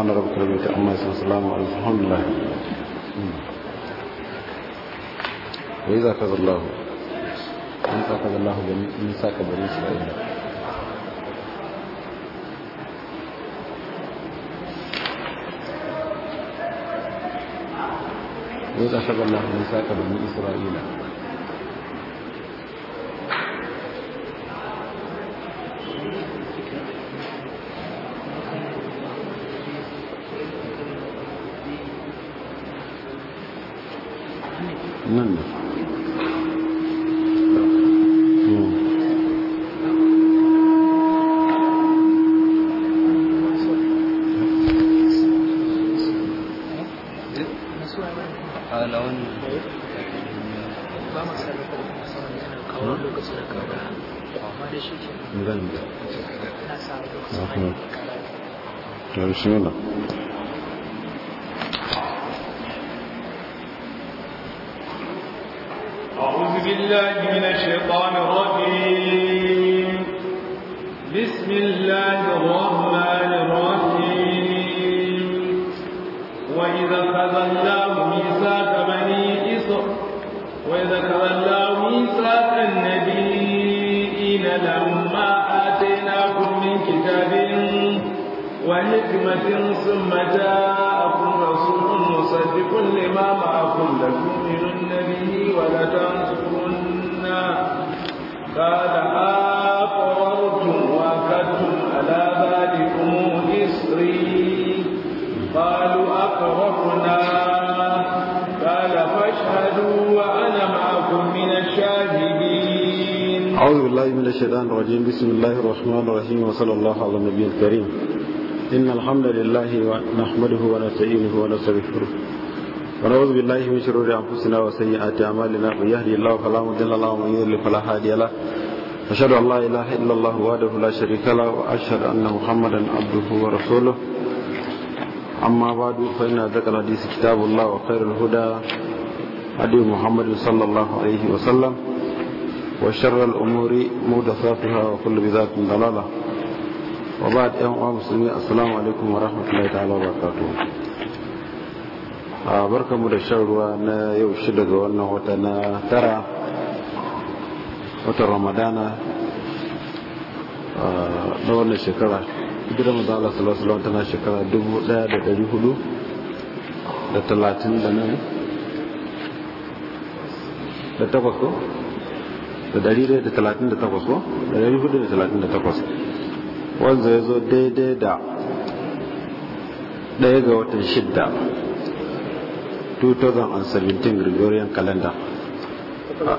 wani rabtar mai ta'amma sun da nisa ka bari da ina wai za isra'ila London. فلا هادي له أشهد أن لا إله إلا الله وحده لا شريك له وأشهد أن محمدا عبده ورسوله أما بعد فإن ذكر الحديث كتاب الله وخير الهدى هدي محمد صلى الله عليه وسلم وشر الأمور محدثاتها وكل بذات ضلالة وبعد أيها المسلمين السلام عليكم ورحمة الله تعالى وبركاته barkanmu da shan ruwa na yau shida ga wannan wata na tara watan ramadana ah, na wannan shekara hijirar manzo Allah sallallahu alaihi tana shekara 1400 da talatin da nan da takwas ko da dari da talatin da takwas ko da dari da talatin da takwas ya zo daidai da ɗaya ga watan shidda 2017 Gregorian calendar ah.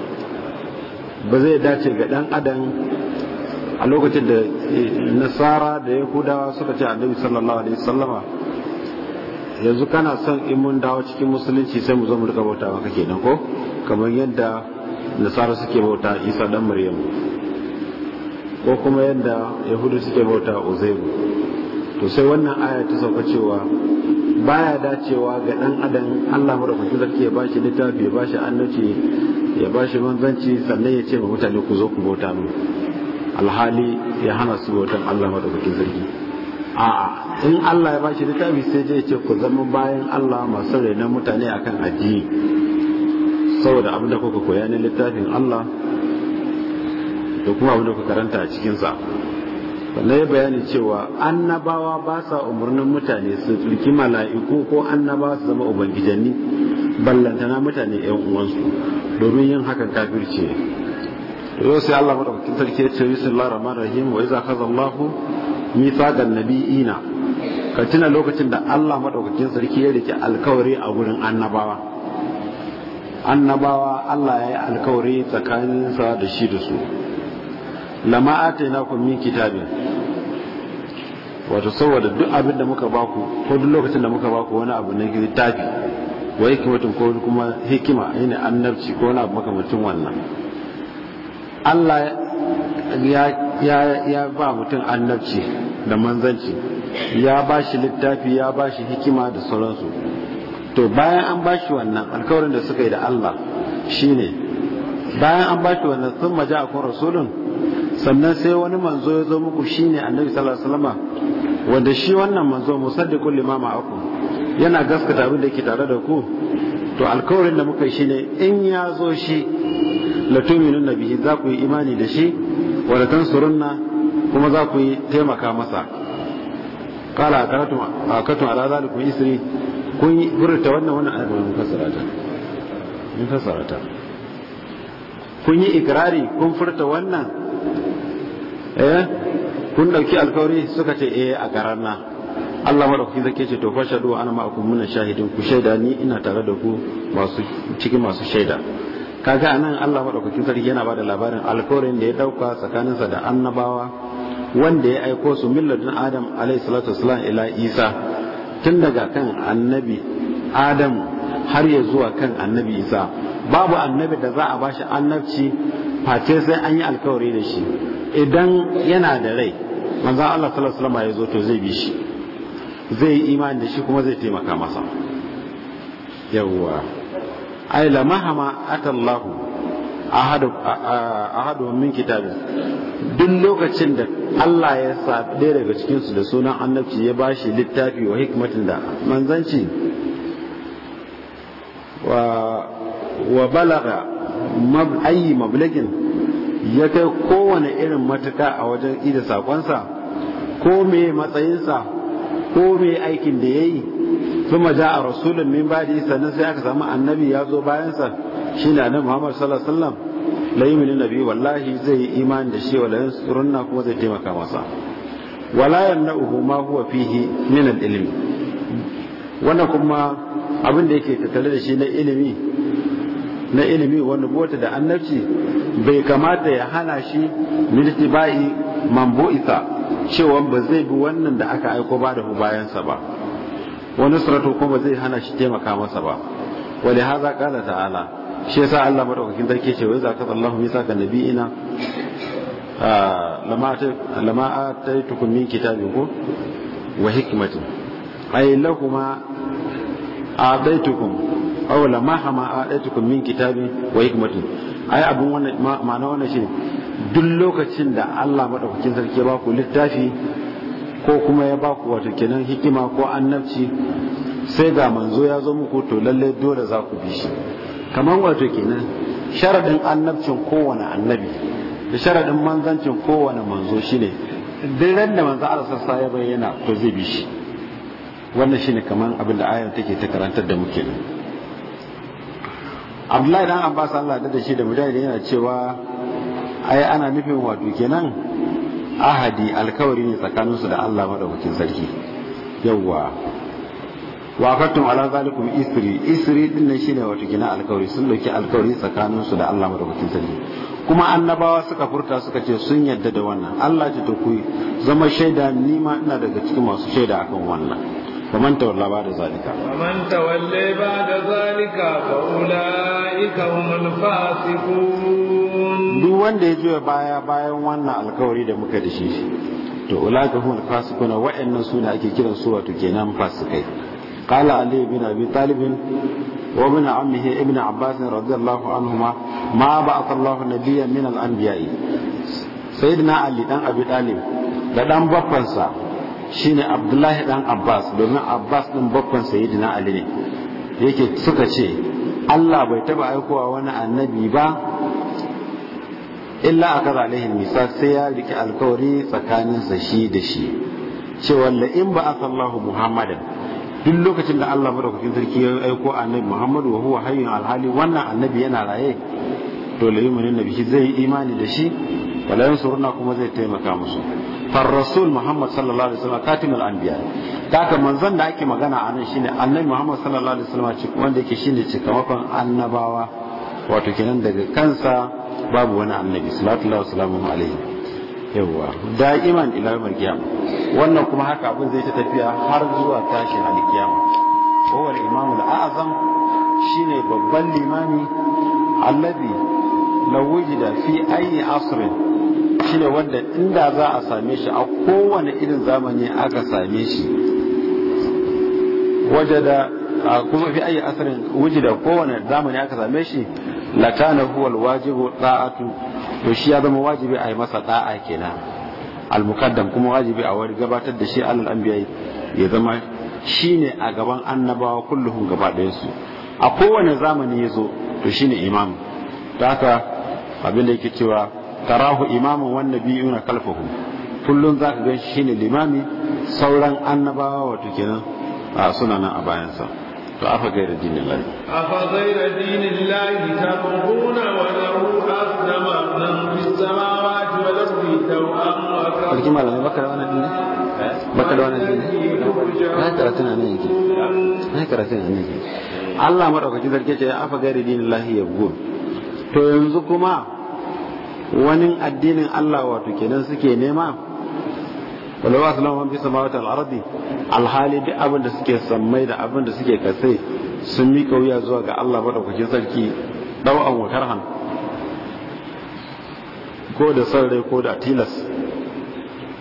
ba zai dace ga ɗan adam a lokacin da nasara da yahudawa suka ce annabi sallallahu alaihi wasallama yanzu kana son in mun dawo cikin musulunci sai mu zo mu rika bauta maka kenan ko kamar yadda nasara suke bauta isa dan maryam ko kuma yadda yahudu suke bauta Uzaibu to sai wannan aya ta sauka cewa baya dacewa ga dan adam Allah madaukakin sarki ba bashi littafi ya bashi annaci. ya ba shi manzanci sannan ya ce ma mutane ku zo ku bauta mu alhali ya hana su bautan Allah madaukakin sarki a'a in Allah ya ba shi littafi sai ya ce ku zama bayan Allah masu rainon mutane akan addini saboda abin da kuka koya ne littafin Allah da kuma abin da kuka karanta a cikinsa sannan ya bayani cewa annabawa ba sa umarnin mutane su tsirki mala'iku ko annabawa su zama ubangijanni ballantana mutane 'yan uwansu domin yin hakan ce yau sai Allah madaukakin sarki ya ce bismillahir rahmanir rahim wa iza kaza Allah mithaqan nabiyina ka tuna lokacin da Allah madaukakin sarki ya rike alkawari a gurin annabawa annabawa Allah ya yi alkawari tsakaninsa da shi da su lama atainakum min kitabin wato saboda duk abin da muka baku ko duk lokacin da muka baku wani abu na littafi wa hikimatin ko kuma hikima yana annabci ko na makamantin wannan Allah ya ba mutum annabci da manzanci ya ba shi littafi ya ba shi hikima da sauransu to bayan an ba shi wannan alkawarin da suka yi da Allah shine bayan an ba shi wannan sun maja a kun rasulun sannan sai wani manzo ya zo muku shine annabi sallallahu alaihi wanda shi wannan manzo musaddiqul limama akum yana gaskata abin da yake tare da ku to alkawarin da muka shi ne in ya zo shi latuminun bihi za ku yi imani da shi wa latansurunna kuma za ku yi taimaka masa a akatu akatu ala zalikum isri kun yi furta wannan wannan ayat mun fassara ta mun fassara ta kun yi ikrari kun furta wannan eh kun dauki alkawari suka ce eh a garanna Allah madaukaki zake ce to fashadu ana ma'akum muna shahidin ku shaida ni ina tare da ku masu cikin masu shaida kaga anan Allah madaukakin sarki yana bada labarin alkawarin da ya dauka tsakaninsa da annabawa wanda ya aiko su milladin Adam alayhi salatu wassalam ila Isa tun daga kan annabi Adam har ya zuwa kan annabi Isa babu annabi da za a ba shi annabci face sai an yi alkawari da shi idan yana da rai manzon Allah sallallahu alaihi wasallam ya zo to zai bi shi zai yi imani da shi kuma zai taimaka masa yawwa ai la mahama atallahu ahadu ahadu min kitabin duk lokacin da Allah ya sa ɗaya daga cikin su da sunan annabci ya bashi littafi wa hikmatin da manzanci wa wa balaga mab ayi mablagin ya kai kowane irin matuka a wajen ida sakonsa ko me matsayinsa ko me aikin da yayi kuma ja a rasulun min ba'di sannan sai aka samu annabi ya zo bayan sa shine nan Muhammad sallallahu alaihi wasallam la nabi wallahi zai yi imani da shi wala surunna kuma zai taimaka masa wala yamna'uhu ma huwa fihi min al-ilmi wannan kuma abin da yake tattale da shi na ilimi na ilimi wanda bota da annabci bai kamata ya hana shi min tibai mambu'isa cewa ba zai bi wannan da aka aiko ba da bayansa ba wani suratu kuma zai hana shi taimaka masa ba wali haza kala ta'ala shi yasa Allah madaukakin sarki ce wai zaka Allahu misa ka nabiyina lama lama ataitukum min kitabin ku wa hikmatin ay ɗai tukun aw lama hama ɗai min kitabin wa hikmatin ai abun wannan ma'ana wannan shi duk lokacin da Allah maɗaukakin sarki ya ku littafi ko kuma ya ba ku wato kenan hikima ko annabci sai ga manzo ya zo muku to lalle dole za ku bi shi kamar wato kenan sharadin annabcin kowane annabi da sharadin manzancin kowane manzo shine duk ran da manzo Allah sassa ya bayyana ko zai bi shi wannan shine kamar abin da ayar take ta karantar da muke Abdullahi dan Abbas Allah da shi da mujahidi yana cewa ai ana nufin wato kenan ahadi alkawari ne tsakaninsu da Allah madaukakin sarki Wa fatum ala zalikum isri isri din nan shine wato gina alkawari sun dauki alkawari tsakanin su da Allah madaukakin sarki kuma annabawa suka furta suka ce sun yadda da wannan Allah ce to ku zama shaida ni ma ina daga cikin masu shaida akan wannan faman tawalla ba da zalika faman tawalla ba da zalika fa ulai duk wanda ya juya baya bayan wannan alkawari da muka da shi to ulaika humul fasiquna wa'annan suna ake kiran su wato kenan fasikai qala ali bin abi talib wa min ammihi ibn abbas radiyallahu anhuma ma ba'atha Allahu nabiyyan min al anbiya sayyidina ali dan abi talib da dan baffansa shine abdullahi dan abbas domin abbas din baffan sayyidina ali ne yake suka ce Allah bai taba aikowa wani annabi ba illa aka zalihi misa sai ya riki alkawari tsakaninsa shi da shi cewa in ba a sallahu muhammadan duk lokacin da Allah madaukakin sarki ya aiko annabi muhammadu wa huwa hayyun alhali wannan annabi yana raye to la yumin annabi shi zai imani da shi wala yansuruna kuma zai taimaka musu far rasul muhammad sallallahu alaihi wasallam katimul anbiya haka manzon da ake magana a nan shine annabi Muhammad sallallahu alaihi wasallam wanda yake shine cikamakon annabawa wato kenan daga kansa babu wani annabi sallallahu alaihi wasallam alaihi da'iman ila yawmil qiyamah wannan kuma haka abin zai ta tafiya har zuwa tashin alkiyama kowar imamul a'zam shine babban limami alladhi law wujida fi ayyi asrin shine wanda inda za a same shi a kowane irin zamani aka same shi wajada kuma fi ayi asarin wujida kowane zamani aka same shi lakana huwa alwajibu da'atu to shi ya zama wajibi a yi masa da'a kenan almukaddam kuma wajibi a wari gabatar da shi alal anbiya ya zama shine a gaban annabawa kulluhum gaba su a kowane zamani ya zo to shine imam ta abin da yake cewa tarahu imaman wan nabiyuna kalfahu kullun zaka ganshi shine limami sauran annabawa wato kenan a suna nan a bayansa to afa gaira dinin lai afa gaira dinin lai ta kuna wa lahu asdama man fi samawati wa lahu da wa kafara alki malami baka da wannan dinin eh? baka da wannan dinin na karatu na nan yake na karatu na nan yake Allah madaukakin zarge ce afa gaira dinin lahi ya bugu to yanzu kuma wani addinin Allah wato kenan suke nema wala ba su lamun fi samawati alhali duk abin da suke sammai da abin da suke kasai sun mika wuya zuwa ga Allah maɗaukakin sarki ɗau'an wutar han. ko da san rai ko da tilas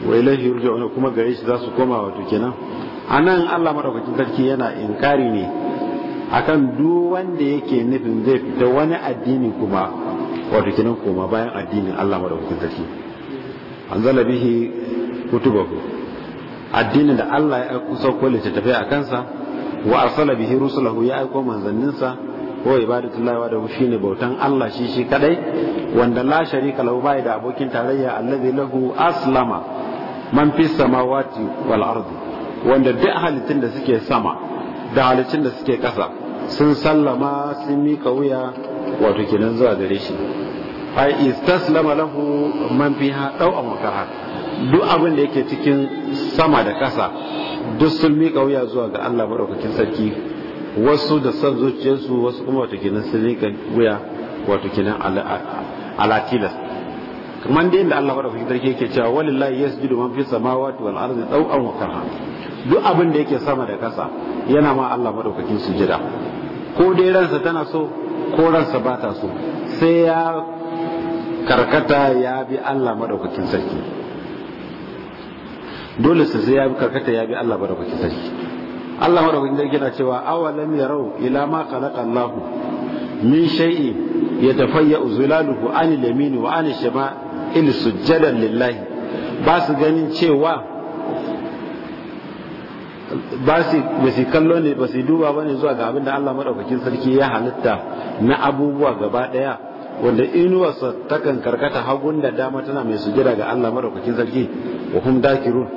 lafi ilahi wani kuma gare shi za su koma wato kenan nan Allah madaukakin sarki yana inkari ne akan duk wanda yake nufin zai fita wani addini kuma wato kenan koma bayan addinin Allah madaukakin sarki anzala bihi kutubahu addinin da Allah ya aiko sauko littattafai a kansa wa arsala bihi rusulahu ya aiko manzanninsa ko ibadatullahi wa dahu shine bautan Allah shi shi kadai wanda la sharika lahu bai da abokin tarayya allazi lahu aslama man fi samawati wal ardi wanda duk halittun da suke sama da halittun da suke kasa sun sallama sun mika wuya wato kenan zuwa gare shi ai istaslama lahu man fiha dau amkaha duk abin da yake cikin sama da ƙasa duk sun miƙa wuya zuwa ga Allah maɗaukakin sarki wasu da san zuciyarsu wasu kuma wato kinan sun miƙa wuya wato kinan alatilas kamar dai da Allah maɗaukakin sarki yake cewa walillahi yasjudu man fi samawati wal ardi taw'an wa karha duk abin da yake sama da ƙasa yana ma Allah maɗaukakin sujada ko dai ransa tana so ko ransa ba ta so sai ya karkata ya bi Allah maɗaukakin sarki dole su sai ya bi karkata ya bi Allah madaukakin sarki Allah madaukakin sarki yana cewa awalam rau ila ma khalaqa Allah min shay'i yatafayya zulaluhu an al-yamin wa an al in sujjadan lillah ba su ganin cewa ba su kallo ne ba su duba bane zuwa ga abin da Allah madaukakin sarki ya halitta na abubuwa gaba daya wanda inuwarsa takan karkata hagun da dama tana mai sujjada ga Allah madaukakin sarki wa kuma dakirun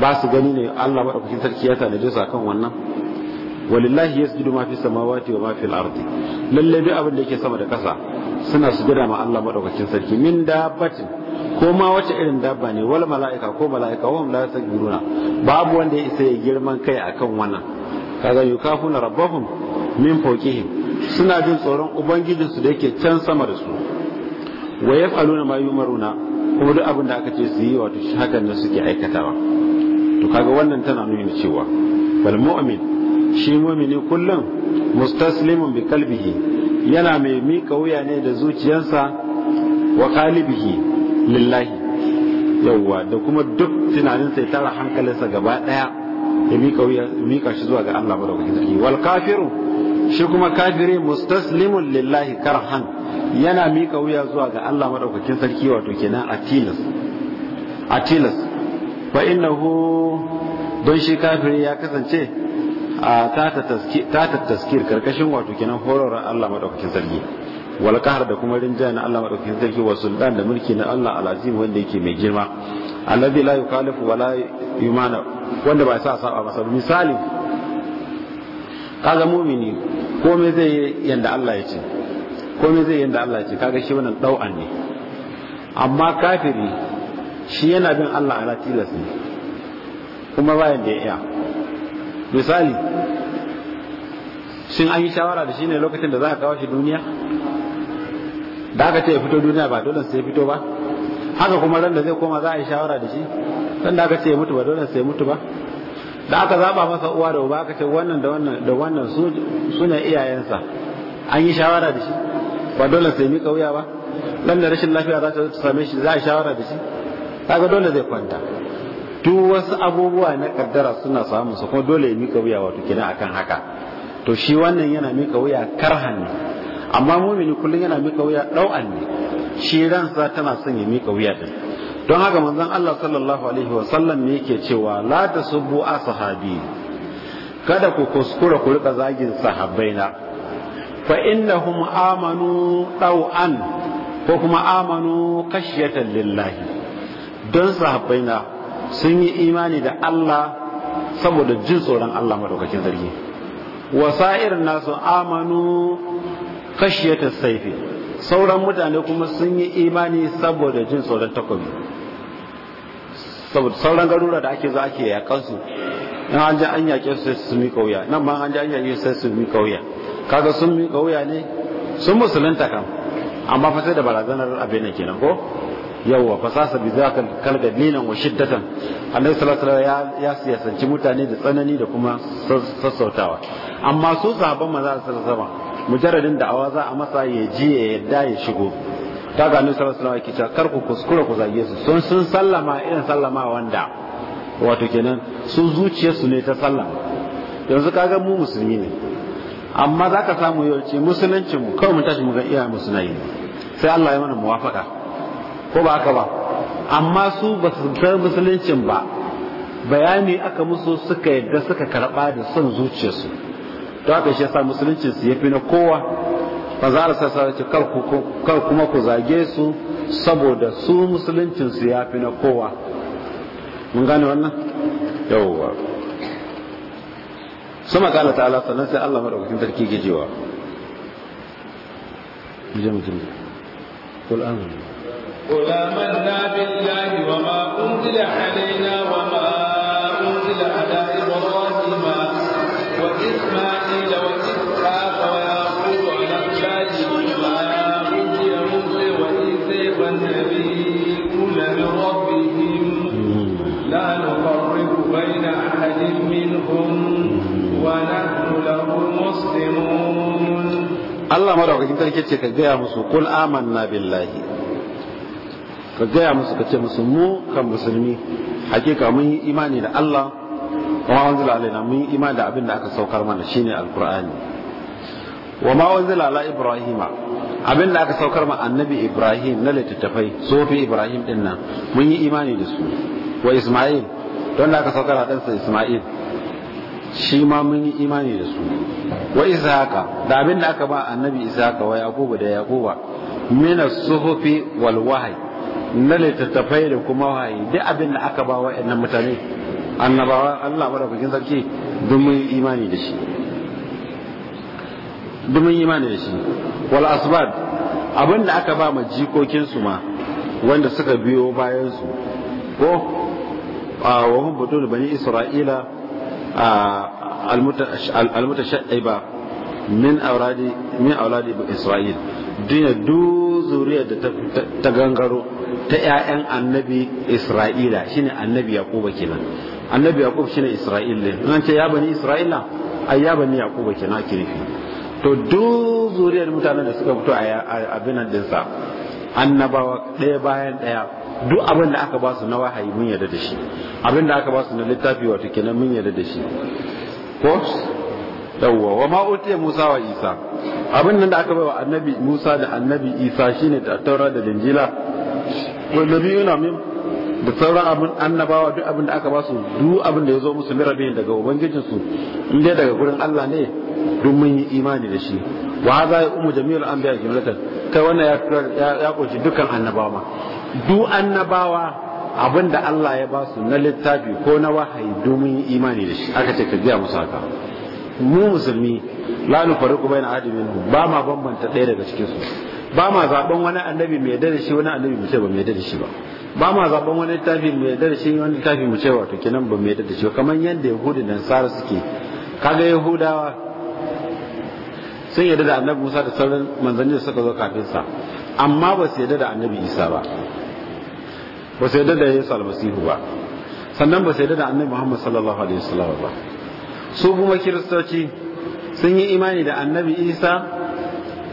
ba su gani ne Allah madaukakin sarki ya tanaje su akan wannan walillahi ya su fi samawati wa ma wa al-ardi lalle duk abin da yake sama da kasa suna sujjada ma Allah madaukakin sarki min dabbatin ko ma wace irin dabba ne wal mala'ika ko mala'ika wa hum la yasjuduna babu wanda ya isa ya girman kai akan wannan kaga yukafuna rabbahum min fawqihim suna jin tsoron ubangijinsu da yake can sama da su wa na ma maruna kuma duk abin da aka ce su yi wato shi hakan da suke aikatawa to kaga wannan tana nuna cewa bal mu'min shi mu'mini kullum mustaslimun bi kalbihi yana mai mika wuya ne da zuciyarsa wa qalibihi lillahi yawwa da kuma duk tunaninsa ya tara hankalinsa gaba daya ya mika wuya mika shi zuwa ga Allah madaukakin sarki wal kafiru shi kuma kafiri mustaslimun lillahi karhan yana mika wuya zuwa ga Allah madaukakin sarki wato kenan atilas. atilas fa innahu don shi kafiri ya kasance a tata taskir karkashin wato kenan horar Allah madaukakin sarki wal qahar da kuma rinjaya na Allah madaukakin sarki wa sultan da mulki na Allah alazim wanda yake mai girma alladhi la yukalifu wala yumana wanda ba sa saba masa misali kaga mumini komai zai yi yadda Allah ya ce komai zai yanda Allah ya ce kaga shi wannan dau'an ne amma kafiri shi yana bin Allah ala tilas ne kuma bayan da ya iya misali shin an yi shawara da shi ne lokacin da za a kawo shi duniya da aka ce ya fito duniya ba dole sai ya fito ba haka kuma ran da zai koma za a yi shawara da shi ran da aka ce ya mutu ba dole sai ya mutu ba da aka zaba masa uwa da uba aka ce wannan da wannan da wannan su ne iyayensa an yi shawara da shi ba dole sai mika wuya ba dan da rashin lafiya za ta same shi za a shawara da shi kaga dole zai kwanta duk wasu abubuwa na kaddara suna samun su kuma dole ya mika wuya wato kenan akan haka to shi wannan yana mika wuya karhan ne amma mumini kullum yana mika wuya dau'an ne shi ransa tana son ya mika wuya din don haka manzon Allah sallallahu alaihi wa sallam ne yake cewa la tasubbu sahabi, kada ku kuskura ku rika zagin sahabbaina fa innahum amanu ɗau'an, ko kuma amanu kashiyatan lillahi don sahabbaina sun yi imani da Allah saboda jin tsoron Allah madaukakin sarki sa'ir nasu amanu kashiyatan saifi sauran mutane kuma sun yi imani saboda jin tsoron takobi saboda sauran garura da ake zo ake yakan su in an ji an yaƙe su sai su mi kauya nan ma an ji an yaƙe sai su mi kauya kaga sun mi wuya ne sun musulunta kam amma fa sai da barazanar abin nan kenan ko yawwa sasa bi za kal dalilan wa shiddatan annabi sallallahu alaihi wasallam ya siyasanci mutane da tsanani da kuma sassautawa amma su sahabban manzo sallallahu alaihi wasallam mujarradin da'awa za a masa ya ji ya yadda ya shigo ta ga annabi sallallahu alaihi wasallam yake kar ku kuskura ku zage su sun sun sallama irin sallama wanda wato kenan sun zuciyarsu ne ta sallama yanzu kaga mu musulmi ne amma za ka samu yawanci musulunci mu kawai mun tashi mu ga iyaye suna yi sai Allah ya mana muwafaka ko ba haka ba amma su ba su san musuluncin ba bayani aka musu suka yadda suka karba da son zuciyarsu to haka shi yasa musulunci su yafi na kowa manzara sassa ce kar kuma ku zage su saboda su musuluncin su ya fi na kowa mun gane wannan yawwa sama kana ta'ala sannan sai Allah madaukakin sarki ke cewa قل آمنا قل آمنا بالله وما أنزل علينا وما Allah madaukakin sarki ce ka gaya musu kul amanna billahi ka gaya musu ka ce musu mu kan musulmi hakika mun yi imani da Allah wa ma wanzila alaina mun yi imani da abin da aka saukar mana shine alqur'ani wa ma wanzila ala ibrahima abin da aka saukar ma annabi ibrahim na littattafai sofi ibrahim ɗinnan mun yi imani da su wa isma'il don da aka saukar a ɗansa isma'il shi ma mun yi imani da su wa ishaqa da abin da aka ba annabi ishaqa wa yaquba da yaquba min as-suhufi wal wahyi na littattafai da kuma wahayi duk abin da aka ba wa'annan mutane annabawa Allah madaukakin sarki duk mun imani da shi dumin imani da shi wal asbad abin da aka ba ma jikokin su ma wanda suka biyo bayan su ko wa hum bani isra'ila almutasha'iba min auradi min auladi isra'il duniya duk zuriyar da ta gangaro ta 'ya'yan annabi isra'ila shine annabi yaquba kenan annabi yaqub shine isra'il ne an ce ya bani isra'ila ai ya bani yaquba kenan ake nufi to duk zuriyar mutanen da suka fito a abin nan dinsa annabawa ɗaya bayan ɗaya duk abin da aka ba su na wahayi mun yarda da shi abin da aka ba su na littafi wato kenan mun yarda da shi ko yawwa wa ma utiya Musa wa Isa abin nan da aka bawa wa annabi Musa da annabi Isa shine da Taura da Injila wa nabiyuna min da sauran abin annabawa duk abin da aka ba su duk abin da ya zo musu bin daga ubangijin su in dai daga gurin Allah ne duk mun yi imani da shi wa za ya umu jami'ul anbiya jumlatan kai wannan ya ya kunshi dukkan annabawa du annabawa abin da Allah ya ba su na littafi ko na wahayi domin imani da shi aka ce ka biya musu haka mu musulmi la nu fariqu bayna ahadin minhum ba ma bambanta ɗaya daga cikin su ba ma zaben wani annabi mai yarda da shi wani annabi mu ce ba mai yarda da shi ba ba ma zaben wani littafi mai yarda da shi wani littafi mu ce to kenan ba mai yarda da shi kamar yadda yahudi da nasara suke kaga yahudawa sun yarda da annabi Musa da sauran manzanni da suka zo kafin sa amma ba su yarda da annabi Isa ba ba sai da da yesu almasihu ba sannan ba sai da annabi muhammad sallallahu alaihi wasallam ba su kuma kiristoci sun yi imani da annabi isa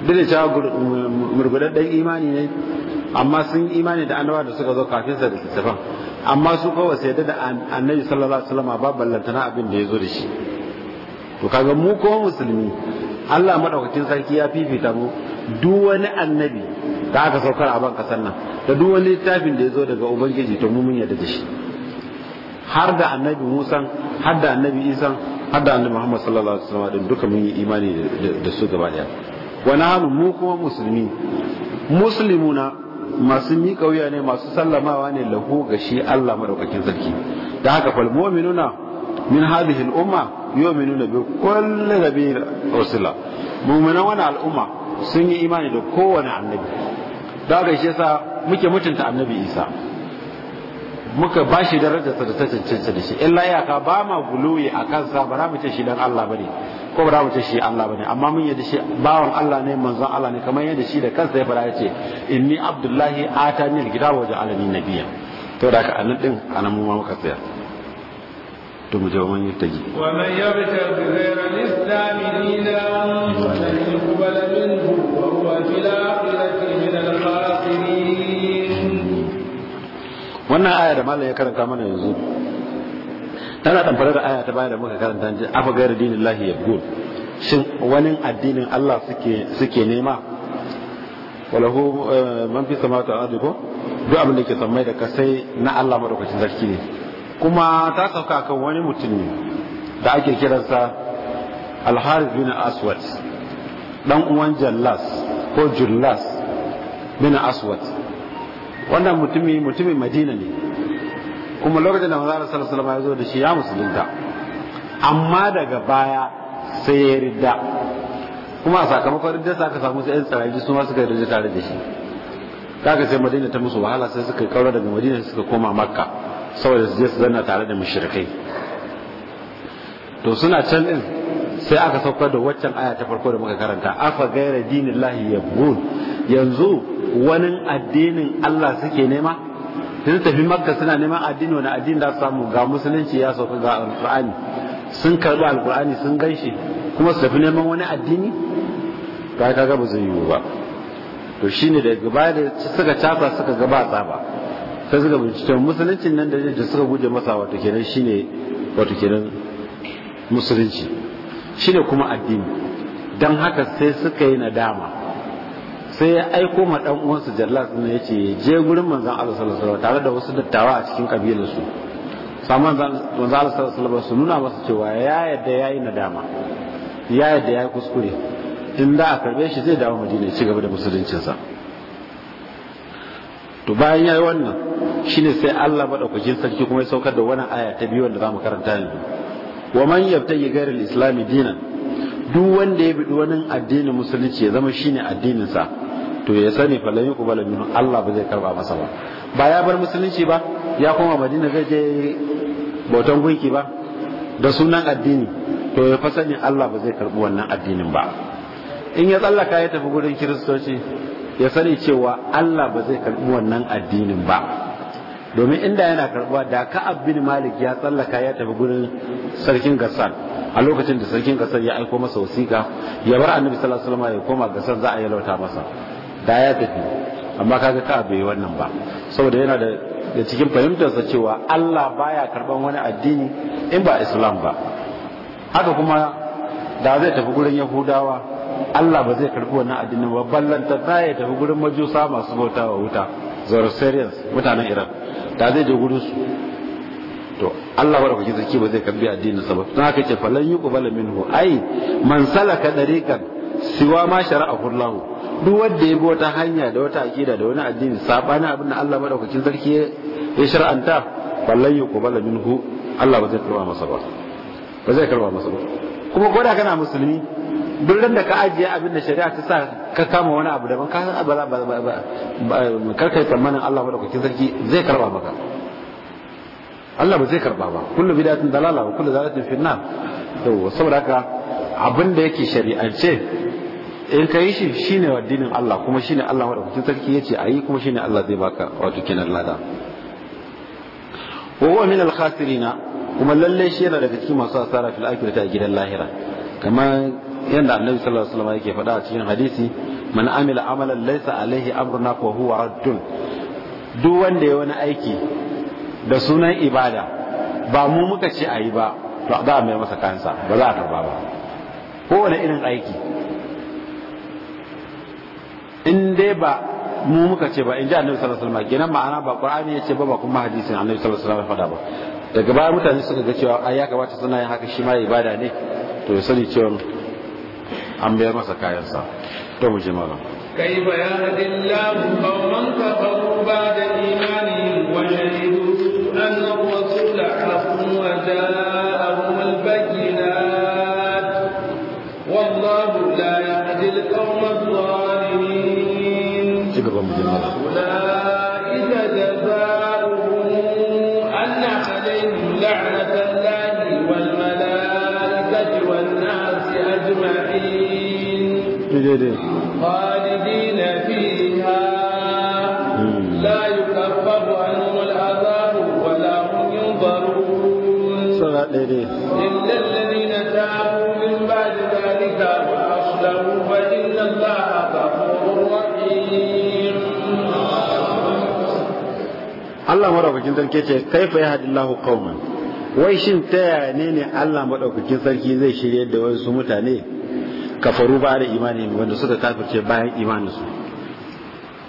duk da cewa imani ne amma sun yi imani da annabawa da suka zo kafin sa da littafin amma su kawai sai da annabi sallallahu alaihi wasallam ba na abin da ya zo da shi to kaga mu ko musulmi Allah madaukakin sarki ya fifita mu duk wani annabi da aka saukar a kasar nan da duk wani littafin da ya zo daga ubangiji to mun da shi har da annabi musa har da annabi isa har da annabi muhammad sallallahu alaihi wasallam din duka mun yi imani da su gaba daya wa nahnu mu kuma musulmi muslimuna masu miƙa wuya ne masu sallamawa ne lahu ga shi Allah maɗaukakin sarki da haka fal mu'minuna min hadhihi al umma yu'minuna bi kulli nabiyyin rasula mu'minan wannan al'umma sun yi imani da kowane annabi daga shi yasa muke mutunta annabi isa muka ba shi sa da ta cancanta da shi illa iyaka ba ma guluwi a kansa ba za mu ce shi dan Allah bane ko ba za mu ce shi Allah bane amma mun yadda shi bawan Allah ne manzon Allah ne kamar yadda shi da kansa ya fara yace inni abdullahi atani alkitaba wa ja'alani nabiyya to da ka anan din anan mu ma muka tsaya to mu je mun yi taji wa man yabta ghayra al-islam dinan fa lan yuqbal minhu wa huwa fil wannan aya da malam ya karanta mana yanzu tana fara da aya ta baya da muka karanta ji afa gairu dinillahi yabgul shin wani addinin Allah suke suke nema walahu eh, man fi samawati wal ardi ko duk abin da ke sammai da kasai na Allah madaukakin sarki ne kuma ta sauka kan wani mutum ne da ake kiransa al-harith bin aswad dan uwan jallas ko jullas bin aswad wannan mutumi mutumin madina ne kuma lokacin da manzara sallallahu alaihi ya zo da shi ya musulunta amma daga baya sai ya ridda kuma sakamakon ridda sa aka samu sai yan tsaraji su ma suka ridda tare da shi kaga sai madina ta musu wahala sai suka kaura daga madina suka koma makka saboda su je su zanna tare da mushrikai to suna can din sai aka saukar da waccan aya ta farko da muka karanta afa gaira dinillahi yabghun yanzu wani addinin Allah suke nema sun tafi makka suna neman addini wani addini da samu ga musulunci ya sauka ga alkur'ani sun karbi alkur'ani sun gan shi kuma su tafi neman wani addini ba ka ga ba zai yiwu ba to shine da gaba da suka cafa suka gaba ba tsaba sai suka bincike musuluncin nan da da suka guje masa wato kenan shine wato kenan musulunci shine kuma addini dan haka sai suka yi nadama sai ya aiko ma dan uwansa jallas ne yace je gurin manzon Allah sallallahu alaihi wasallam tare da wasu dattawa a cikin kabilar su sai manzon Allah sallallahu alaihi wasallam nuna masa cewa ya yadda yayi nadama ya yadda ya kuskure in da a karbe shi zai dawo Madina ya ci gaba da musuluncinsa to bayan yayi wannan shine sai Allah madaukakin sarki kuma ya saukar da wannan aya ta biyu wanda zamu karanta yanzu wa man yabtaghi ghayra al-islam dinan duk wanda ya bi wani addinin musulunci ya zama shine addininsa to ya sani fa la yuqbalu minhu Allah ba zai karba masa ba ba ya bar musulunci ba ya koma Madina zai je bautan gunki ba da sunan addini to ya fa sani Allah ba zai karbi wannan addinin ba in ya tsallaka ya tafi gurin kiristoci ya sani cewa Allah ba zai karbi wannan addinin ba domin inda yana karbuwa da ka bin Malik ya tsallaka ya tafi gurin sarkin gasar a lokacin da sarkin gasar ya aiko masa wasiƙa ya bar annabi sallallahu alaihi wasallam ya koma gasar za a lauta masa da ya tafi amma kaga ka bai wannan ba saboda yana da da cikin fahimtarsa cewa Allah baya karban wani addini in ba Islam ba haka kuma da zai tafi gurin Yahudawa Allah ba zai karbi wannan addinin ba ballanta ta ya tafi gurin majusa masu bautawa wuta Zoroastrians mutanen Iran da zai je gurin su to Allah wanda kuke zaki ba zai karbi addinin sa ba don haka ce falan yuqbal minhu ai man salaka dariqan siwa ma shara'ahu Allah duk wanda ya bi wata hanya da wata akida da wani addini sabani abin da Allah madaukakin sarki ya shar'anta wallan yuqbala minhu Allah ba zai karba masa ba ba zai karba masa ba kuma ko da kana musulmi duk da ka ajiye abin da shari'a ta sa ka kama wani abu daban ka ba karkai tsammanin Allah madaukakin sarki zai karba maka Allah ba zai karba ba kullu bidatin dalala wa kullu dalalatin finnar to saboda haka abin da yake shari'ance in ka yi shi shi ne addinin Allah kuma shi ne Allah madaukakin sarki ya ce a yi, kuma shi ne Allah zai baka wato kenan lada wa huwa min al-khasirina kuma lalle shi yana daga cikin masu asara fil akhirati a gidan lahira kamar yadda annabi sallallahu alaihi wasallam yake faɗa a cikin hadisi man amila amalan laysa alaihi amruna fa huwa raddun duk wanda ya wani aiki da sunan ibada ba mu muka ce yi ba to za a mai masa kansa ba za a karba ba kowane irin aiki in dai ba mu muka ce ba in ji annabi sallallahu alaihi wasallam kenan ma'ana ba qur'ani ya ce ba ba kuma hadisin annabi sallallahu alaihi wasallam ya faɗa ba daga baya mutane suka ga cewa ai ya kamata suna yin haka shi ma ibada ne to ya sani cewa an bayar masa kayansa to mu ji malam كيف يهدي qawman قوما كفروا da إيمانهم Allah madaukakin sarki ce kaifa yahdillahu qauman wai shin ta yaya ne Allah madaukakin sarki zai shirye da wasu mutane kafaru ba da imani wanda suka kafirce bayan imaninsu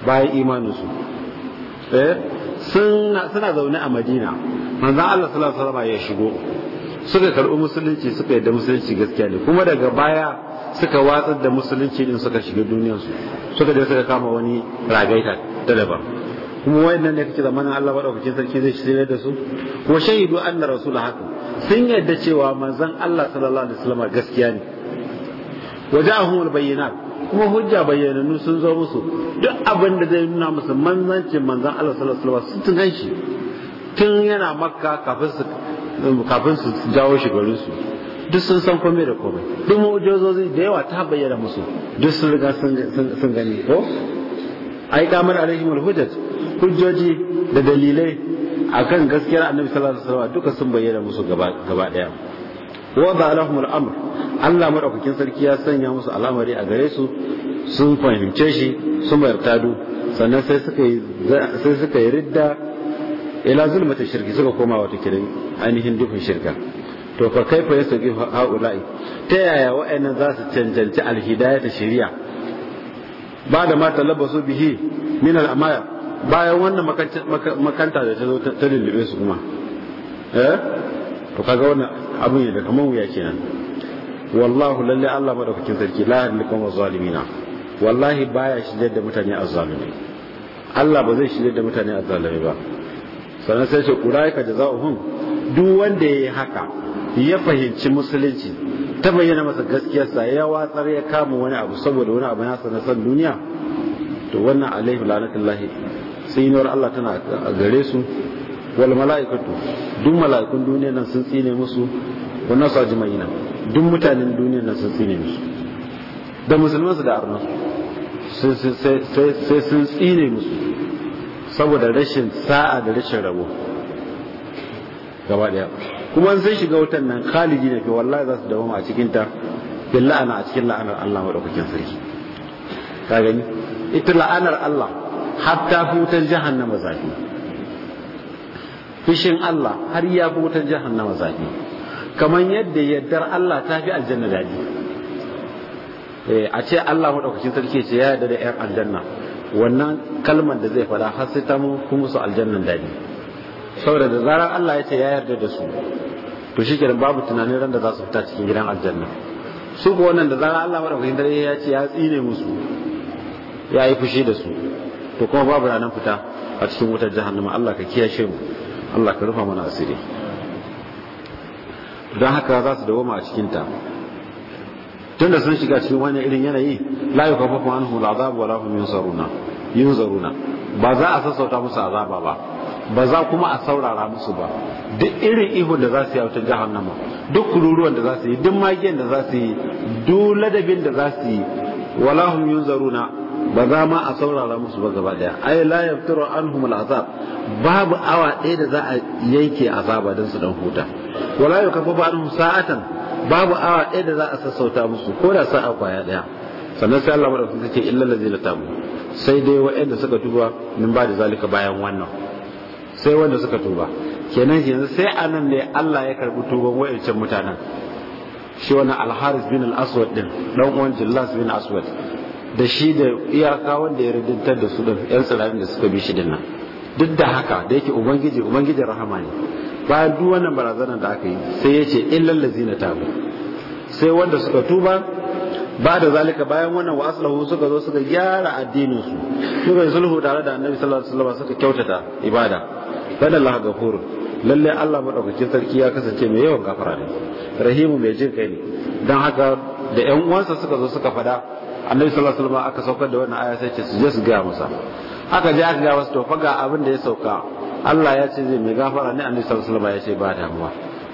bayan imaninsu eh suna zaune a Madina manzon Allah sallallahu alaihi wasallam ya shigo suka karɓi musulunci suka yadda musulunci gaskiya ne kuma daga baya suka watsar da musulunci din suka shiga duniyarsu suka je suka kama wani ragaita ta daban kuma nan ne kace zamanin Allah madaukakin sarki zai shirye da su wa shahidu anna rasul haka sun yadda cewa manzon Allah sallallahu alaihi wasallam gaskiya ne waja'ahum albayyinat kuma hujja bayyananu sun zo musu duk abin da zai nuna musu manzancin manzon Allah sallallahu alaihi wasallam sun tunan shi tun yana makka kafin su kafin su jawo shi garin su duk sun san komai da komai duk mu'jizozi da yawa ta bayyana musu duk sun riga sun gani ko ai kamar alaihim alhujjat hujjoji da dalilai akan gaskiyar annabi sallallahu alaihi wasallam duka sun bayyana musu gaba gaba daya lahum al-amr Allah madaukakin sarki ya sanya musu al'amari a gare su sun fahimce shi sun bayar sannan sai suka yi sai suka yi ridda ila zulmata shirki suka koma wata kirin ainihin dukkan shirka to fa kaifa yasqi haula'i ta yaya wa'annan za su cancanci alhidayata shari'a ba da mata talabbasu bihi min al'amaya bayan wannan makanta da ta zo ta lullube su kuma eh to kaga wannan abin ya da kamar wuya kenan wallahu lalle Allah madaukakin sarki la yahlikum zalimina wallahi baya shigar da mutane azzalimi Allah ba zai shigar da mutane azzalimi ba sannan sai ce ulaika jazaohum duk wanda yayi haka ya fahimci musulunci ta bayyana masa gaskiyarsa ya watsar ya kama wani abu saboda wani abu nasa na san duniya to wannan alaihi lanatullahi tsinuwar Allah tana a gare su wal mala'ikatu duk mala'ikun duniyar nan sun tsine musu wannan su ajma'ina duk mutanen duniyar nan sun tsine musu da musulman su da arnan sai sun tsine musu saboda rashin sa'a da rashin rabo gaba daya kuma sai shiga wutan nan khaliji ne fi wallahi za su dawo a cikin ta bil la'ana a cikin la'anar Allah madaukakin sarki ka gani ita la'anar Allah hatta fi wutan jahannama zafi fishin Allah har ya fi wutan jahannama zafi kamar yadda yaddar Allah ta fi aljanna daɗi eh, a ce Allah madaukakin sarki ce ya yarda da yan aljanna wannan kalmar da zai faɗa har sai ta mu su aljannan daɗi saboda da zarar Allah ya ce ya yarda da su to shi kenan babu tunanin ran da za su fita cikin gidan aljanna su ko wannan da zara Allah madaukakin dare ya ce ya tsine musu ya yi fushi da su to kuma babu ranar fita a cikin wutar jahannama Allah ka kiyashe mu Allah ka rufa mana asiri don haka za su dawoma a cikin ta tunda sun shiga cikin wani irin yanayi la an anhu al'azab wa la hum yunsaruna ba za a sassauta musu azaba ba ba za kuma a saurara musu ba duk irin ihun da za su yi a wutar jahannama duk kururuwan da za su yi duk magiyan da za su yi duk ladabin da za su yi wala yunzaruna ba za ma a saurara musu ba gaba daya ay la yaftiru anhum al'azab babu awa ɗaya da za a yanke azaba don su dan huta wala yukafu anhum sa'atan babu awa ɗaya da za a sassauta musu ko da sa'a kwaya ɗaya sannan sai Allah madaukakin ce illal ladzina tabu sai dai waɗanda suka tuba min ba da zalika bayan wannan sai wanda suka tuba kenan shi yanzu sai anan ne Allah ya karɓi tuban wayancan mutanen shi wannan alharis bin al-aswad din dan uwan jillas bin aswad da shi da iyaka wanda ya ridintar da su din yan tsirarin da suka bi shi din nan duk da haka da yake ubangiji ubangiji rahama ne bayan duk wannan barazanar da aka yi sai ya ce illal lazina tabu sai wanda suka tuba ba da zalika bayan wannan wa aslahu suka zo suka gyara addinin su suka sulhu tare da annabi sallallahu alaihi wasallam suka kyautata ibada bana Allah gafurun lalle Allah madaukakin sarki ya kasance mai yawan gafara ne rahimu mai jin kai ne dan haka da ƴan uwansa suka zo suka fada annabi sallallahu aka saukar da wannan aya sai ce su je su ga masa aka je aka ga wasu to faga abin da ya sauka Allah ya ce zai mai gafara ne annabi sallallahu alaihi ya ce ba damuwa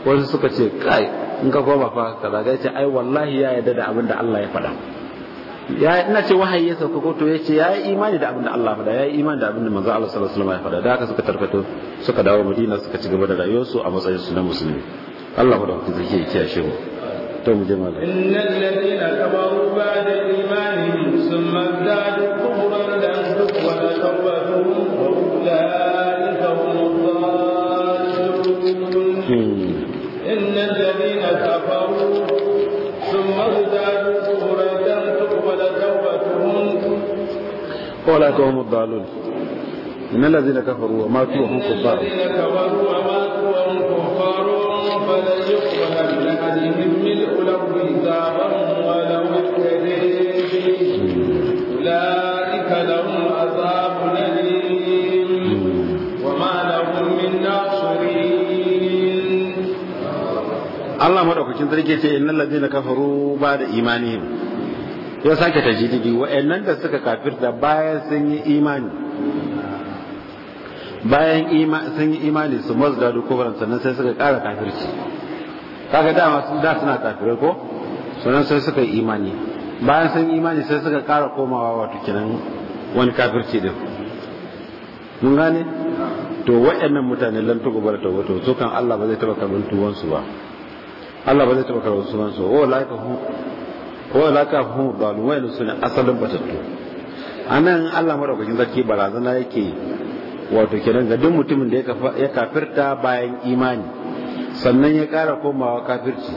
wasu suka ce kai in ka koma fa kaza ya ce ai wallahi ya yarda da abin da Allah ya faɗa ya ina ce wahayi ya sauka ko to yace ya imani da abin da Allah faɗa ya yi imani da abin da manzo Allah sallallahu alaihi wasallam ya faɗa da haka suka tarfato suka dawo Madina suka ci gaba da rayuwarsu a matsayin su na musulmi Allah da ku zai kiyaye shi mu to mu je mallam innal ladina kafaru ba'da imanihim summa ولا هم الضالون ان الذين كفروا وما وهم كفار الذين كفروا وماتوا وهم كفار فلن يقبل من احدهم ملء الارض ذهبا ولو ابتدئ اولئك لهم عذاب اليم وما لهم من ناصرين الله مدوكين تركي ان الذين كفروا بعد ايمانهم ya sake tajdidi wa'annan da suka kafirta bayan sun yi imani bayan sun yi imani su mazdadu kubran sannan sai suka kara kafirci kaga dama sun da suna kafirai ko sannan sai suka yi imani bayan sun yi imani sai suka kara komawa wato kenan wani kafirci din mun gane to waɗannan mutane lan tuku bar ta wato su kan Allah ba zai taba karbantuwansu ba Allah ba zai taba karbantuwansu ba wa laika ko ka hu dalu wayan su asalin batattu anan Allah madaukakin sarki barazana yake wato kenan ga duk mutumin da ya kafirta bayan imani sannan ya kara komawa kafirci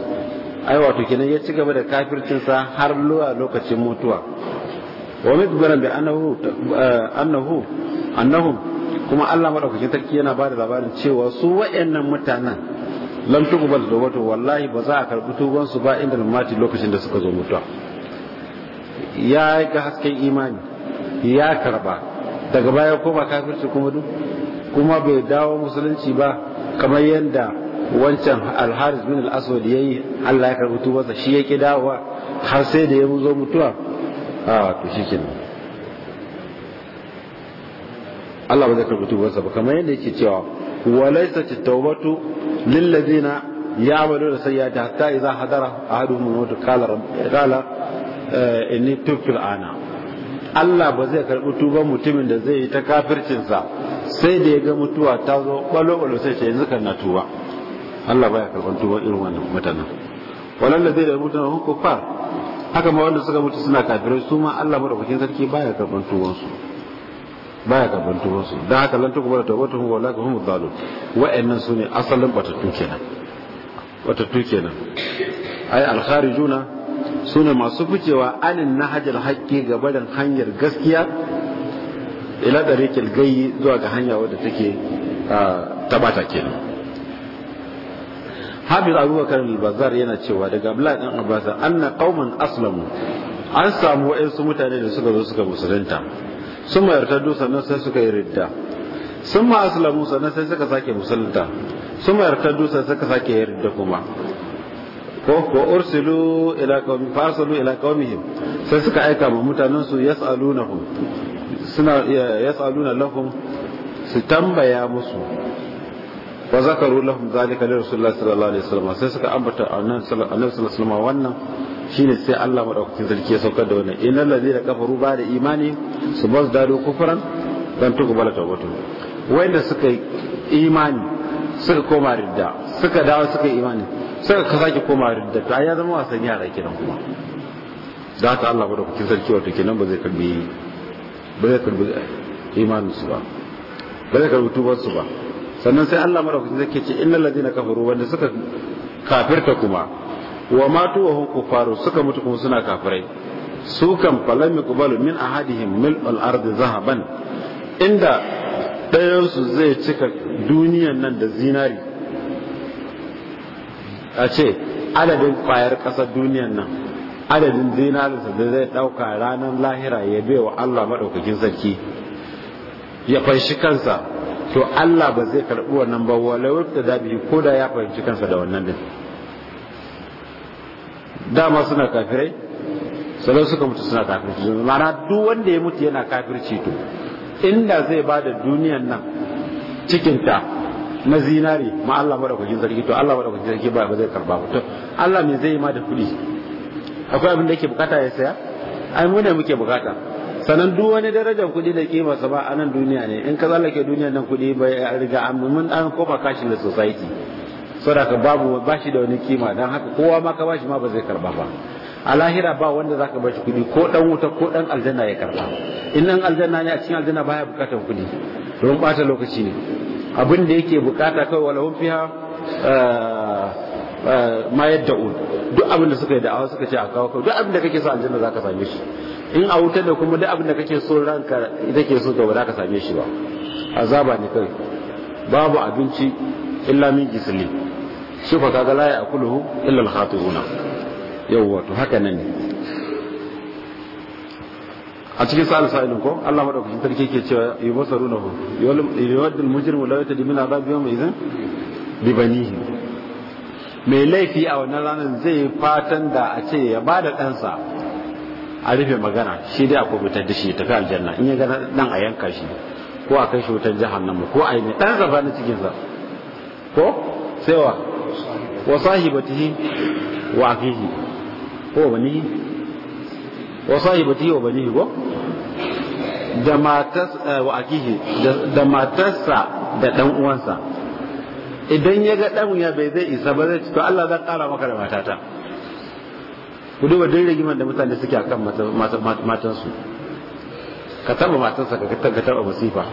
ai wato kenan ya ci gaba da kafircinsa har zuwa lokacin mutuwa wa mudbaran bi annahu eh, annahu kuma Allah madaukakin sarki yana ba da labarin cewa su wayannan mutanen lam tuqbal tawbatu wallahi ba za a karbi tuban su ba inda mamati lokacin da suka zo mutuwa ya ga hasken imani ya karba daga baya koma kafirci kuma duk kuma bai dawo musulunci ba kamar yadda wancan alharis bin al ya yayi Allah ya karbi tubansa shi ya ki dawowa har sai da ya zo mutuwa a ah, to shikenan Allah ba zai karɓi tubarsa ba kamar yadda yake cewa walaysa tawbatu lil ladina ya'malu da sayyi'ati hatta idza hadara ahaduhum al-maut qala qala eh, inni tubtu ana Allah ba zai karɓi tuban mutumin da zai yi ta kafircinsa sai da ya ga mutuwa ta zo balo balo sai ce yanzu kan na tuba Allah baya karɓan tuban irin wannan mutanen wannan da zai da mutane hun kuffar haka ma wanda suka mutu suna kafirai su ma Allah madaukakin sarki baya karɓan tubansu. su baya karban tuban su da haka lan tukuma tawbatuhum wa la hum dhalun wa'annan sune asalin batattu kenan batattu kenan ai al-kharijuna sune masu ficewa anin nahajal haqqi gabarin hanyar gaskiya ila dariqil gayyi zuwa ga hanya wadda take tabata kenan habib abubakar al-bazar yana cewa daga abdullahi dan abbas anna qauman aslamu an samu su mutane da suka zo suka musulunta sun dusa sannan sai suka yi ridda sun ma aslamu sannan sai suka sake musulunta sun mayartar sannan suka sake yi ridda kuma ko ko ursilu ila qawmi fasalu ila qawmihim sai suka aika ma mutanen su yas'alunahum suna yas'aluna lahum su tambaya musu wa zakaru lahum zalika li rasulillahi sallallahu alaihi wasallam sai suka ambata annabi sallallahu alaihi wasallam wannan shine sai Allah madaukakin sarki ya saukar da wannan innal ladina kafaru ba da imani su bas do kufran dan bala tawbatu wanda suka yi imani suka koma ridda suka dawo suka yi imani suka ka saki koma ridda to ya zama wasan yara kenan kuma da haka Allah madaukakin sarki wato kenan ba zai karbi ba zai karbi imanin su ba ba zai karbi tubar su ba sannan sai Allah madaukakin sarki ce innal ladina kafaru wanda suka kafirta kuma wa matu wa kufaru suka mutu kuma suna kafirai su kan falam yuqbalu min ahadihim al ard zahaban inda ɗayansu zai cika duniyan nan da zinari a ce adadin ƙwayar ƙasar duniyan nan adadin zinarinsa da zai dauka ranar lahira ya bai wa Allah maɗaukakin sarki ya fanshi kansa to Allah ba zai karɓi wannan ba walawar da dabi ko da ya fanshi kansa da wannan din dama suna kafirai sannan suka mutu suna kafirci mana duk wanda ya mutu yana kafirci to inda zai ba da duniyan nan cikinta na zinari ma Allah madaukakin sarki to Allah madaukakin sarki ba zai karba ba to Allah me zai yi ma da kuɗi akwai abin da yake bukata ya saya ai mu ne muke bukata sanan duk wani darajar kuɗi da kima sa ba a nan duniya ne in ka zalake duniyar nan kuɗi ya riga mun an koma kashi da society saboda babu ba shi da wani kima don haka kowa ma ka bashi ma ba zai karba ba a lahira ba wanda za ka bashi kuɗi ko ɗan wuta ko ɗan aljanna ya karba in nan aljanna ne a cikin aljanna baya bukatar kuɗi don ɓata lokaci ne abin da yake bukata kawai walahun fiha eh, eh, ma yadda un duk abin da suka yi da'awa suka ce a kawo kawai duk abin da kake so aljanna za ka same shi in a wuta da kuma duk abin da kake so ranka ita ke so ba za ka same shi ba azaba ne kai babu abinci illa min gisli shuka fa kaga la kuluhu illa al-khati'una yawwa to haka nan ne a cikin sa'al sa'ilin ko Allah madaukakin sarki ke cewa yubasarunahu yuwaddul mujrimu law yatadi min adhab yawm idhan bi banihi mai laifi a wannan ranar zai fatan da a ce ya bada ɗansa a rufe magana shi dai a kubutar da shi ya tafi aljanna in ya dan a yanka shi ko a kai shi wutar jahannama ko a yi ne ɗansa ba na cikinsa ko sai wa wa sahibatihi wa akihi ko banihi wa sahibatihi wa banihi ko da matas eh, wa da matarsa da dan uwansa idan ya ga dan ya bai zai isa ba zai to Allah zan kara maka da matata ku duba duk rigimar da mutane suke akan matansu ka taba matansa ka taba masifa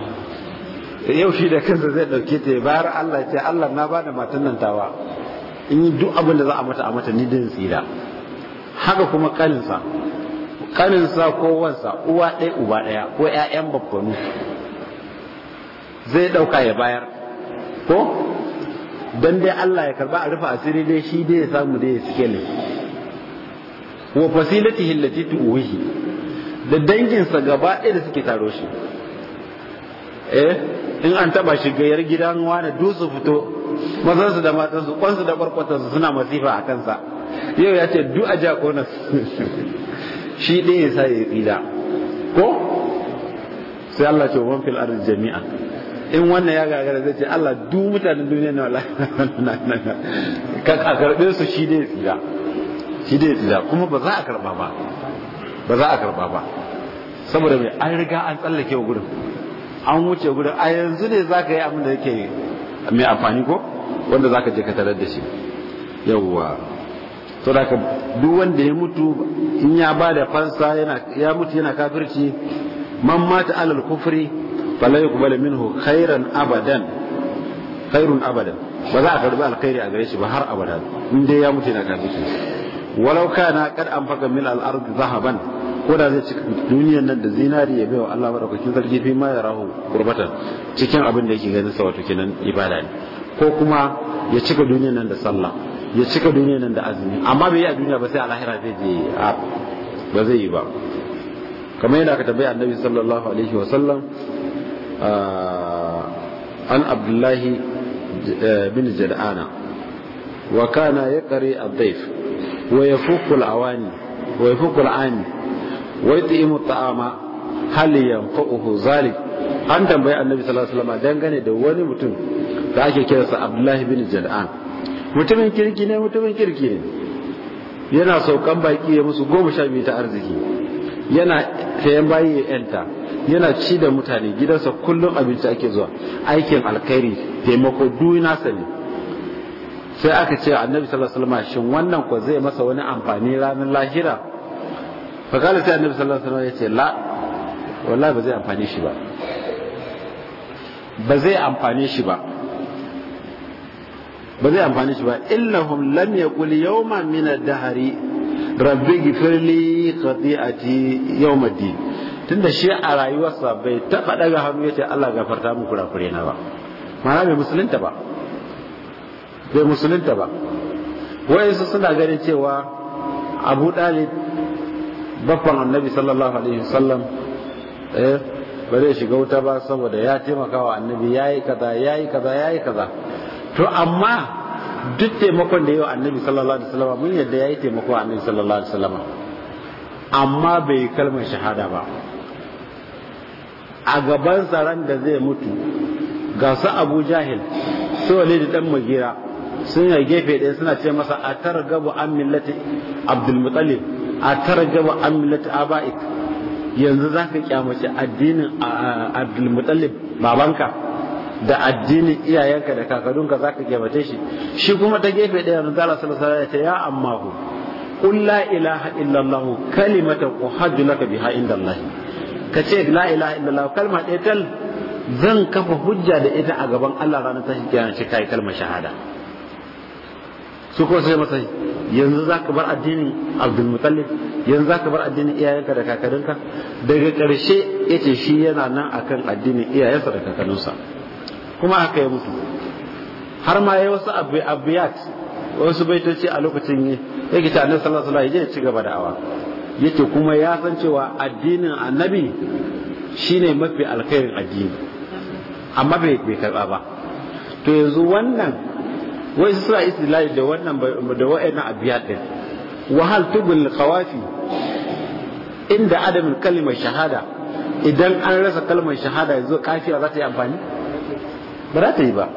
yau shi da kansa zai dauke ta ya bayar Allah ce Allah na bada matan nan tawa in yi duk abin da za a mata a mata ni tsira haka kuma kaninsa kaninsa ko wansa uwa ɗaya uba ɗaya ko ƴaƴan babbanu zai ɗauka ya bayar ko dan dai Allah ya karba a rufa asiri dai shi dai ya samu dai ya sike ne wa fasilatihi allati tuwihi da danginsa gaba ɗaya da suke taro shi eh in an taba shi gidan wani dusu su fito mazansu da matansu kwansu da barkwatansu suna masifa a kansa yau ya ce du a ja kona shi ɗin ya sa ya tsida ko sai Allah ce wan fil ardi jami'a in wannan ya gagara zai ce Allah du mutanen duniya ne wallahi ka a karbe su shi dai tsira shi dai tsira kuma ba za a karba ba ba za a karba ba saboda mai an riga an tsallake wa gurin an wuce guda a yanzu ne za ka yi abin da yake mai amfani ko wanda za ka je ka tarar da shi yawwa to da ka duk wanda ya mutu in ya ba da fansa ya mutu yana kafirci man mata alal kufri fala yuqbal minhu khairan abadan khairun abadan ba za a karbi alkhairi a gare shi ba har abada in dai ya mutu yana kafirci walau kana kad faka min al-ardi zahaban ko da zai cika duniyar nan da zinari ya bai wa Allah madaukakin sarki fi ma rahu gurbata cikin abin da yake ganin sa wato kenan ibada ne ko kuma ya cika duniyar nan da sallah ya cika duniyar nan da azumi amma bai yi a duniya ba sai a lahira zai je a ba zai yi ba kamar yadda aka tambaya annabi sallallahu alaihi wa sallam an abdullahi eh, bin jad'ana wa kana yaqri ad-dayf ويفك الأواني ويفك العاني ويطعم الطعام hal yanfa'uhu zalik an tambayi annabi sallallahu alaihi wasallam dangane da wani mutum da ake kiransa Abdullahi bin Jad'an mutumin kirki ne mutumin kirki ne yana saukan baki ya musu goma sha biyu ta arziki yana sayan bayi ya yanta yana ci da mutane gidansa kullum abinci ake zuwa aikin alkhairi taimako duk nasa ne sai aka ce annabi sallallahu alaihi wasallam shin wannan ko zai masa wani amfani ranar lahira fa kala sai annabi sallallahu alaihi wasallam ya ce la wallahi ba zai amfani shi ba ba zai amfani shi ba ba zai amfani shi ba innahum lam yaqul yawman min ad-dahri rabbi ghfirli khati'ati yawm ad-din tunda shi a rayuwarsa bai taba daga hannu yace Allah gafarta min kurakure na ba ma'ana bai musulunta ba bai musulunta ba wayansu suna ganin cewa abu dalib baffan annabi sallallahu alaihi wasallam eh ba zai shiga wuta ba saboda ya taimaka wa annabi yayi kaza yayi kaza yayi kaza to amma duk taimakon da yawa annabi sallallahu alaihi wasallam mun yadda yayi taimako wa annabi sallallahu alaihi wasallam amma bai kalmar shahada ba a gaban tsaron da zai mutu ga su abu jahil su da dan magira sun yi gefe ɗaya suna ce masa a targabu an millati abdulmutsalif a targabu an millati aba'ik yanzu za ka kyamace addinin abdulmutsalif babanka da addinin iyayenka da kakadunka za ka kyamace shi shi kuma ta gefe ɗaya na zala salasala ya ce ya amma ku قل لا إله إلا الله كلمة أحج لك بها عند الله كشيء لا إله إلا الله كلمة إتل zan kafa hujja da ita a gaban Allah ranar tashi kiyaye shi kai kalmar shahada su kuma sai masa yanzu za ka bar addinin abdulmutallib yanzu za ka bar addinin iyayenka da kakarinka daga ƙarshe ya ce shi yana nan akan addinin iyayensa da kakarinsa kuma haka ya mutu har ma ya wasu abiyat wasu baitoci a lokacin yi ya gita annabi sallallahu alaihi wasallam ya ci gaba da awa yace kuma ya san cewa addinin annabi shine mafi alkhairin addini amma bai karba ba to yanzu wannan wai suna istilali da wannan da a abiyat ɗin wahal tubul qawafi inda adamin kalmar shahada idan an rasa kalmar shahada yanzu kafiya za ta yi amfani ba za ta yi ba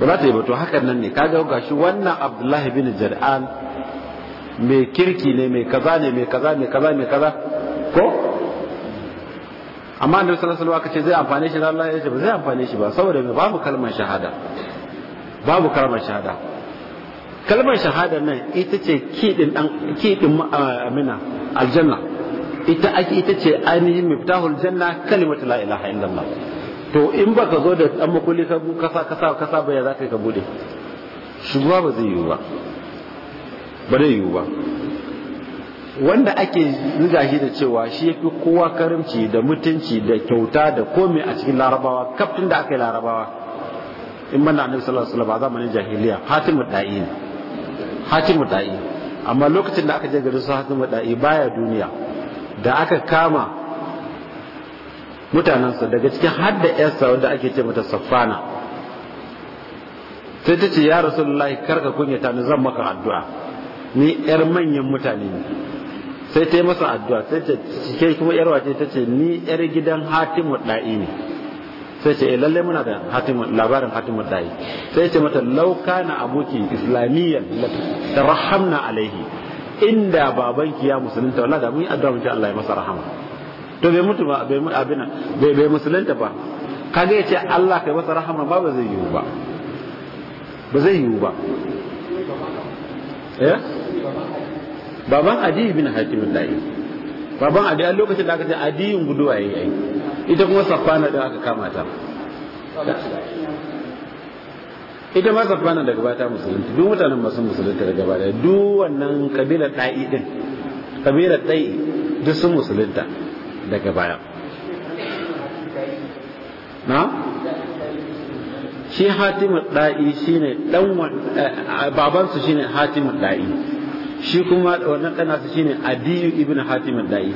ba za ta yi ba to hakan nan ne kaga gashi wannan abdullahi bin jar'an mai kirki ne mai kaza ne mai kaza mai kaza mai kaza ko amma annabi sallallahu alaihi wasallam ce zai amfane shi Allah ya ce ba zai amfane shi ba saboda mai babu kalmar shahada babu kalmar shahada kalmar shahada nan ita ce kiɗin ah, amina aljanna ita ake ita ce ainihin miftahul janna kalimatu la ilaha illallah to in baka zo da dan makulli ka kasa kasa kasa ba ya zaka ka bude shugaba ba zai yiwu ba ba zai yiwu ba wanda ake riga shi da cewa shi yafi kowa karimci da mutunci da kyauta da komai a cikin larabawa kaftin da aka yi larabawa in manna annabi sallallahu alaihi wasallam ba zamanin jahiliya hatimu da'i ne hatimu da'i amma lokacin da aka je garin su hatimu da'i baya duniya da aka kama mutanansa daga cikin hadda yarsa wanda ake ce mata safana sai ta ce ya rasulullahi karka kunyata ni zan maka addu'a ni yar manyan mutane ne sai ta yi masa addu'a sai ta ce kuma yar wace ta ce ni yar gidan hatimu da'i ne sai ce eh, lalle muna da labarin hatimun dai sai ce mata lauka na abuki islamiyyan rahamna alaihi inda babanki ya musulunta wallahi da mun yi addu'a mun ce Allah ya masa rahama to bai mutu ba bai abin bai bai musulunta ba kaga ce Allah kai masa rahama ba ba zai yi ba ba zai yi ba eh baban adi bin hakim dai baban adi a lokacin da aka ce adiyin guduwa ya yi ita kuma safana da aka kama ta ita ma safana daga bata musulunci duk mutanen masu musulunta daga bata duk wannan kabilar ɗa'i ɗin, kabilar ɗa'i duk sun musulunta daga baya na shi hatimu ɗa'i shine dan eh, babansu ne hatimu ɗa'i shi kuma wannan ɗan nasa shine adiyu ibn hatim da'i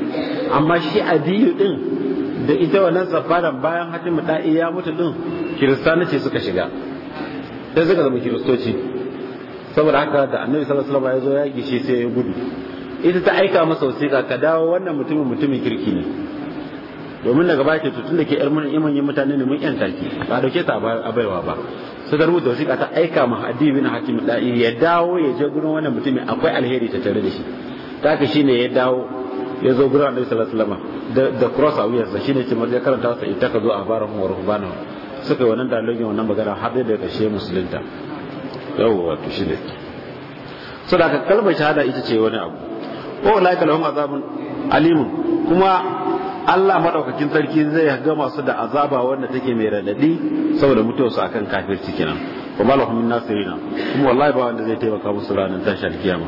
amma shi adiyu din da ita wannan safaran bayan hatim da'i ya mutu din kiristana ce suka shiga sai suka zama kiristoci saboda haka da annabi sallallahu alaihi wasallam ya zo ya gishi sai ya gudu ita ta aika masa wasiƙa ka dawo wannan mutumin mutumin kirki ne domin daga baki tutun da ke yar mun iman mutane ne mun yan taki ba dauke ta a baiwa ba suka rubuta wasiƙa ta aika ma hadi bin Hakim da'i ya dawo ya je gurin wannan mutumi akwai alheri ta tare da shi taka shine ya dawo ya zo gurin Annabi sallallahu alaihi wasallam da cross a wuyarsa shine ce ya karanta wasa a bara mu ruhbanahu suka yi wannan dalilin wannan magana har da kashe musulunta yawwa wato shine so da kalmar shahada ita ce wani abu ko laika lahum azabun alimun kuma Allah madaukakin sarki zai ga masu da azaba wanda take mai radadi saboda mutuwarsu akan kafirci kenan wa malahum min nasirina kuma wallahi ba wanda zai taimaka musu ranar tashar kiyama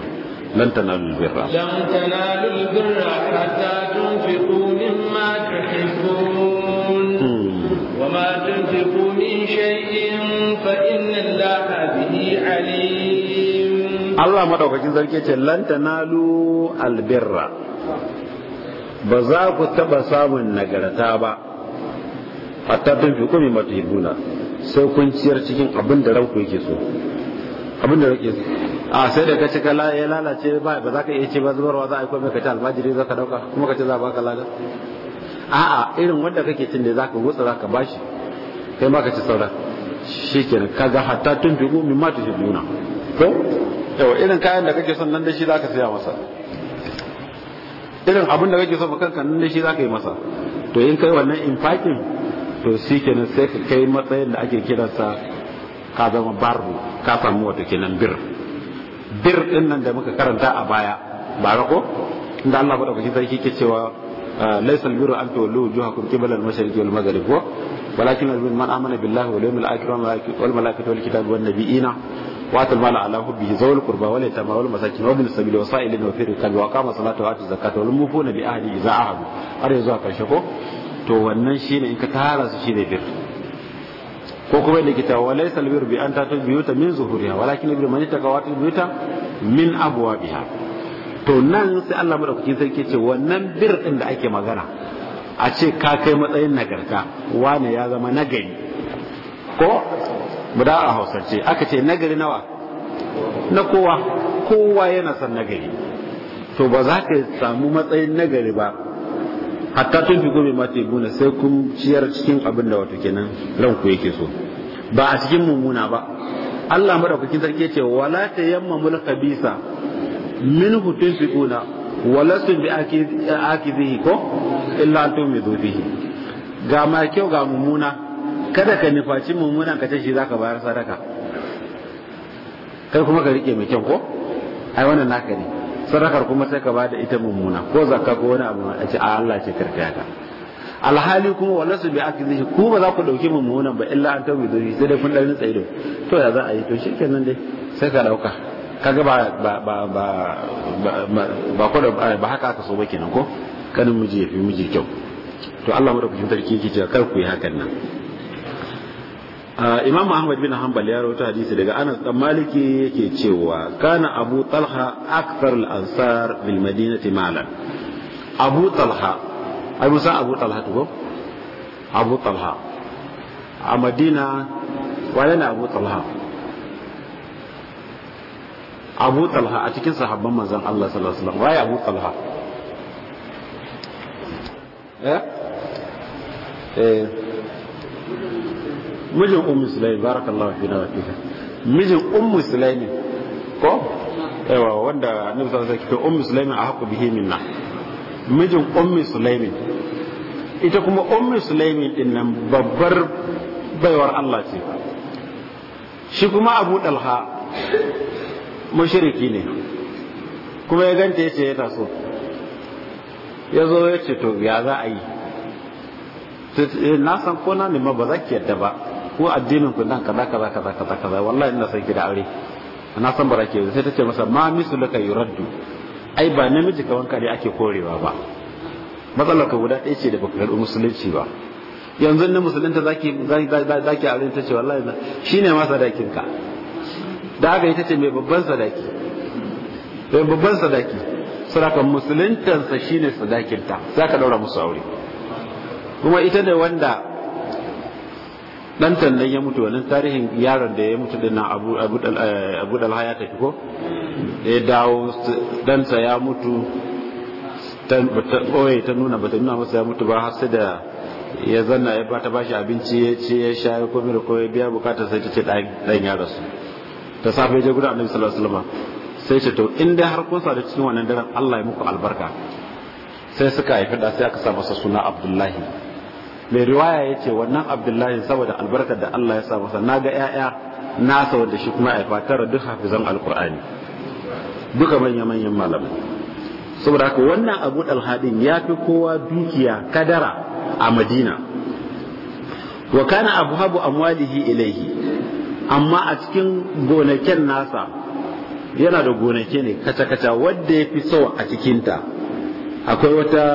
lan tanalu albirra lan tanalu albirra hatta tunfiqu mimma tuhibbun hmm. wa ma tunfiqu min shay'in fa inna allaha bihi alim Allah madaukakin sarki ce lan tanalu albirra ba za ku taɓa samun nagarta ba a tattun fi kuma mata hibuna sai kun ciyar cikin abin da ranku yake so abin da ranku a sai da kace kala ya lalace ba ba za ka iya ce ba zubarwa za a yi komai ka ci almajiri za ka dauka kuma ka ci za a baka lada a'a irin wanda kake cin da za ka wutsa za ka bashi kai ma ka ci saura shi kenan kaga hatta tun fi matu mata hibuna ko yawa irin kayan da kake son nan da shi za ka saya masa irin abin da kake so ba kanka nan shi zaka yi masa to in kai wannan infakin to shi kenan sai ka kai matsayin da ake sa ka zama barru ka samu wato kenan bir bir din nan da muka karanta a baya ba ko inda Allah madaukaki sarki ke cewa ah, laysa al-birru an tawallu wujuhakum qibala al-mashriqi wal maghrib walakin al man amana billahi wal yawmil akhir wal malaikati wal kitabi wan nabiyina zawal وآت المال على حبه ذوي القربى واليتامى wa وابن السبيل والسائلين وفي الركاب وأقام الصلاة وآتى الزكاة والموفون بأهله إذا عهدوا har yanzu zuwa ƙarshe ko to wannan shine in ka tara su shine bir ko kuma yadda kita wa laysa albir bi an tatu biyuta min zuhuriha walakin albir man ittaka wa biyuta min abwabiha to nan sai Allah madaukakin sarki ce wannan bir din da ake magana a ce ka kai matsayin nagarta wane ya zama nagari ko Buda a hausance aka ce nagari nawa na kowa kowa yana son nagari to ba za ka samu matsayin nagari ba hatta tun fi gobe mata guna sai kun ciyar cikin abin da wato kenan ranku yake so ba a cikin mummuna ba Allah kukin sarki ce wala min hutun minhu guna wala sun bi zihi ko illa antum zofi ga ma kyau ga mummuna kada ka nufaci mummunan ka ce shi zaka bayar sadaka kai kuma ka rike mai kyau ko ai wannan naka ne sadakar kuma sai ka ba da ita mummuna ko zakka ko wani abu a ce Allah ce karkaya ka alhali kuma wannan su bi akizi ku ba za ku dauki mummunan ba illa an tawi dai sai dai kun dan nutsa to ya za a yi to shikenan dai sai ka dauka kaga ba ba ba ba ba ko ba haka aka so ba kenan ko kanin miji ya fi miji kyau to Allah madaukakin kujin tarki kike kar ku yi hakan nan imam ahmad bin hanbal ya rawaito hadisi daga anas dan maliki yake cewa kana abu talha akthar al ansar bil madinati malan abu talha ai musa abu talha to abu talha a madina wala na abu talha abu talha a cikin sahabban manzon Allah sallallahu alaihi wasallam waye abu talha eh eh mijin ummu sulaimi barakallahu fi na fika mijin ummu sulaimi ko aiwa wanda annabi sallallahu alaihi wasallam ummu sulaimi a haku bihi minna mijin ummu sulaimi ita kuma ummu sulaimi din nan babbar baiwar Allah ce shi kuma Abu Dalha mushriki ne kuma ya ganta yace ya taso ya zo ya ce to ya za a yi eh, na san ko na nema ba za ki yadda ba ko addinin ku dan kaza kaza kaza kaza kaza wallahi ina san ki da aure na san barake ke sai tace masa ma misu laka yuraddu ai ba namiji ka wanka ne ake korewa ba matsalar ka guda ɗaya ce da bakar musulunci ba yanzu ne musulunta zaki zaki aure tace wallahi shine ma sadakin ka da haka ita ce mai babban sadaki mai babban sadaki sadaka musuluntansa shine sadakinta za ka daura musu aure kuma ita da wanda dan tallan ya mutu wannan tarihin yaron da ya mutu dinnan abu abu eh, dalha ya tafi ko ya dawo dansa ya mutu ta boye ta nuna bata nuna masa ya mutu ba har sai da ya zanna ya bata bashi abinci ya ce ya sha ya komi da ya biya bukatar sai ta ce dan ya rasu ta safe je gudu annabi sallallahu alaihi wasallam sai ce to in dai har kun da cikin wannan daren Allah ya muku albarka sai suka haifi da sai aka sa masa suna Abdullahi mai riwaya ya ce wannan abdullahi saboda albarkar da Allah ya sa masa na ga ‘ya'ya na saboda shi kuma aifa tara duk hafizan alkur'ani duka manya-manyan malamai saboda haka wannan abu dalhadin ya fi kowa dukiya kadara a madina wa kana abu habu amwalihi ilaihi amma a cikin gonaken nasa yana da gonake ne kaca-kaca wadda ya fi so a cikinta akwai wata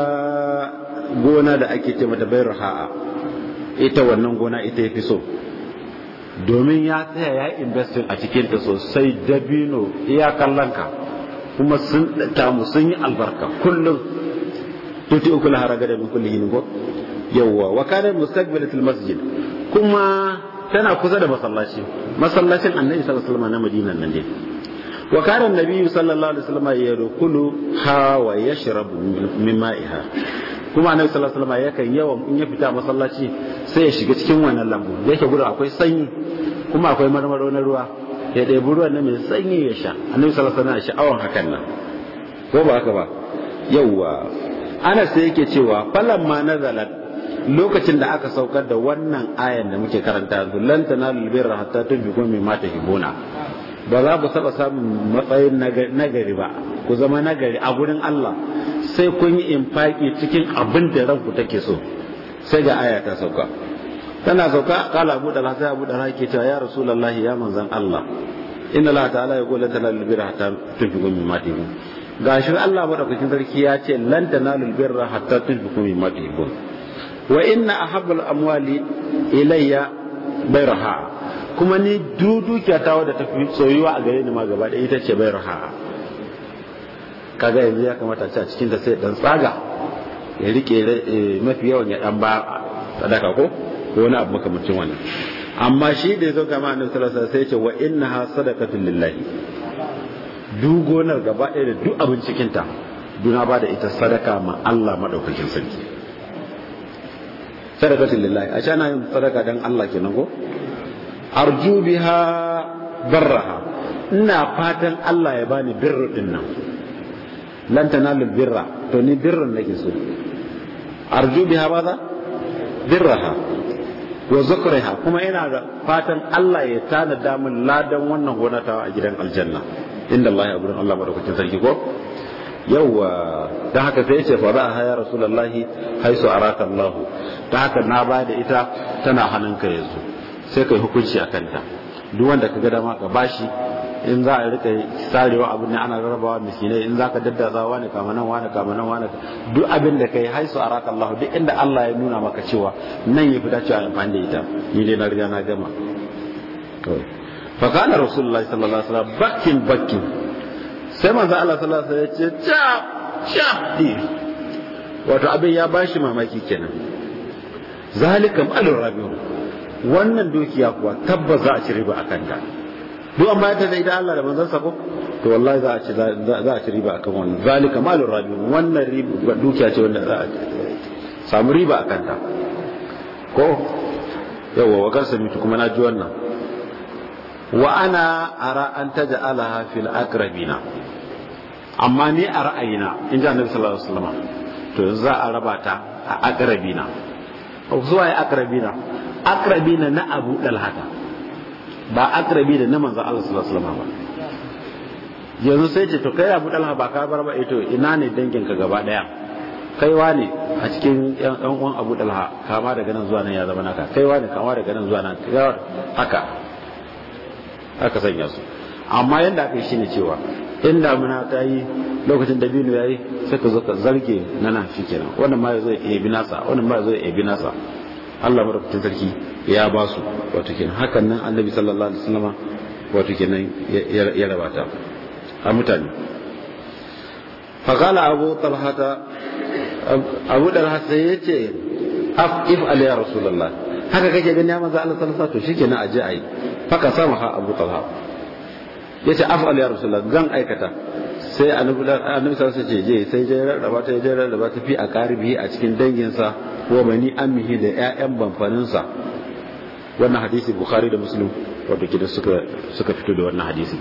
gona da ake ce mata bayar ha'a ita wannan gona ita ya fi so domin ya tsaya ya investin a cikinta sosai dabino iya kallonka kuma sun tamu sun yi albarka kullum tuti uku lahara gada min kulli hinin ko yawwa wa kana mustaqbilatul masjid kuma tana kusa da masallaci masallacin annabi sallallahu alaihi wasallam na madinan nan ne wa kana annabi sallallahu alaihi wasallam yadkhulu ha wa yashrabu min ma'iha kuma annabi sallallahu alaihi wasallam yakan yawan in ya fita masallaci sai ya shiga cikin wannan lambu da yake gudu akwai sanyi kuma akwai marmaro na ruwa ya ɗebi ruwan nan mai sanyi ya sha annabi sallallahu alaihi wasallam sha'awan hakan nan ko ba haka ba yawwa ana sai yake cewa ma nazalat lokacin da aka saukar da wannan ayan da muke karanta yanzu lan tanalu birra hatta tunfiqu mimma tuhibuna ba za ku saba samun matsayin nagari ba ku zama nagari a gurin Allah sai kun yi infaki cikin abin da ranku take so sai ga aya ta sauka tana sauka kala abu da sai abu da ke cewa ya rasulullahi ya manzan Allah inna la ta'ala ya qul tanal birra hatta tunfiqu mimma tuhibun gashin Allah madaukakin sarki ya ce lan tanalul birra hatta tunfiqu mimma tuhibun wa inna ahabbal amwali ilayya bayraha kuma ni ta wadda ta fi soyuwa a gare ni ma gaba ɗaya ita ce bayraha kaga yanzu ya kamata a cikin da sai dan tsaga ya rike eh, mafi yawan ya dan ba sadaka ko ko wani abu makamancin wannan amma shi da yazo kama annabi sallallahu alaihi wasallam sai ce wa innaha sadaqatun lillahi duk gonar gaba ɗaya da duk abin cikin ta duna ba da ita sadaka ma Allah madaukakin sarki sadaqatun lillahi a ana yin sadaka dan Allah kenan ko arju biha barraha ina fatan Allah ya bani birru nan lan tanalu birra to ni birran nake so arju biha birraha wa zukriha kuma ina da fatan Allah ya tanada min ladan wannan gona a gidan aljanna inda Allah ya gurin Allah madaukakin sarki ko yawa dan haka sai yace fa ra'aha ya rasulullahi haisu araka Allah dan haka na ba da ita tana hannunka yanzu sai kai hukunci akan ta duk wanda kaga dama ka bashi in za a rika tsarewa abu ne ana rarrabawa miskinai in za zaka daddatsa wani kamanan wani kamanan wani duk abin da kai haisu a araka Allah duk inda Allah ya nuna maka cewa nan ya fi dacewa amfani da ita ni dai na riga na gama fakana rasulullahi sallallahu alaihi wasallam bakin bakin sai manzo Allah sallallahu alaihi wasallam ya ce chap chap wato abin ya bashi mamaki kenan zalikam Rabi'u wannan dukiya kuwa tabbas za a ci riba akan ta duk an bayar da Allah da manzansa sako to wallahi za a ci za a ci riba akan wannan zalika malur rabi wannan riba dukiya ce wanda za a samu riba akan ta ko yawa wa kan mutu kuma na ji wannan wa ana ara an taj'alaha fil aqrabina amma ni a ra'ayina in ji annabi sallallahu alaihi wasallam to za a raba ta a aqrabina zuwa ya aqrabina aqrabina na abu dalhata ba akrabi da na manzon Allah sallallahu alaihi wasallam ba yanzu sai ce to kai Abu Talha ba ka bar ba ito eh, ina ne danginka ka gaba daya kaiwa ne a cikin yan uwan Abu Talha kama daga nan zuwa nan ya zama naka kai ne kama daga nan zuwa nan haka haka sanya su amma yadda aka yi shine cewa in damuna ta yi lokacin da biyu ya yi sai ka zo ka zarge na nan shi kenan wannan ma ya zo ya ebi nasa wannan ma ya ya ebi nasa Allah madaukakin sarki ya ba su wato kenan hakan nan annabi sallallahu alaihi wasallama wato kenan ya ta a mutane فقال ta Abu أبو طلحة yace af if Ali ya rasulullah haka kake gani ya maza Allah sallallahu alaihi wasallam to na aje ai faka sama ha Abu Talha yace Ali ya rasulullah zan aikata sai annabi sallallahu sai ce je sai je rarraba ta je rarraba ta fi a karibi a cikin danginsa wa bani ammihi da ƴaƴan bamfaninsa wannan hadisi bukhari da muslim wato kida suka fito da wannan hadisi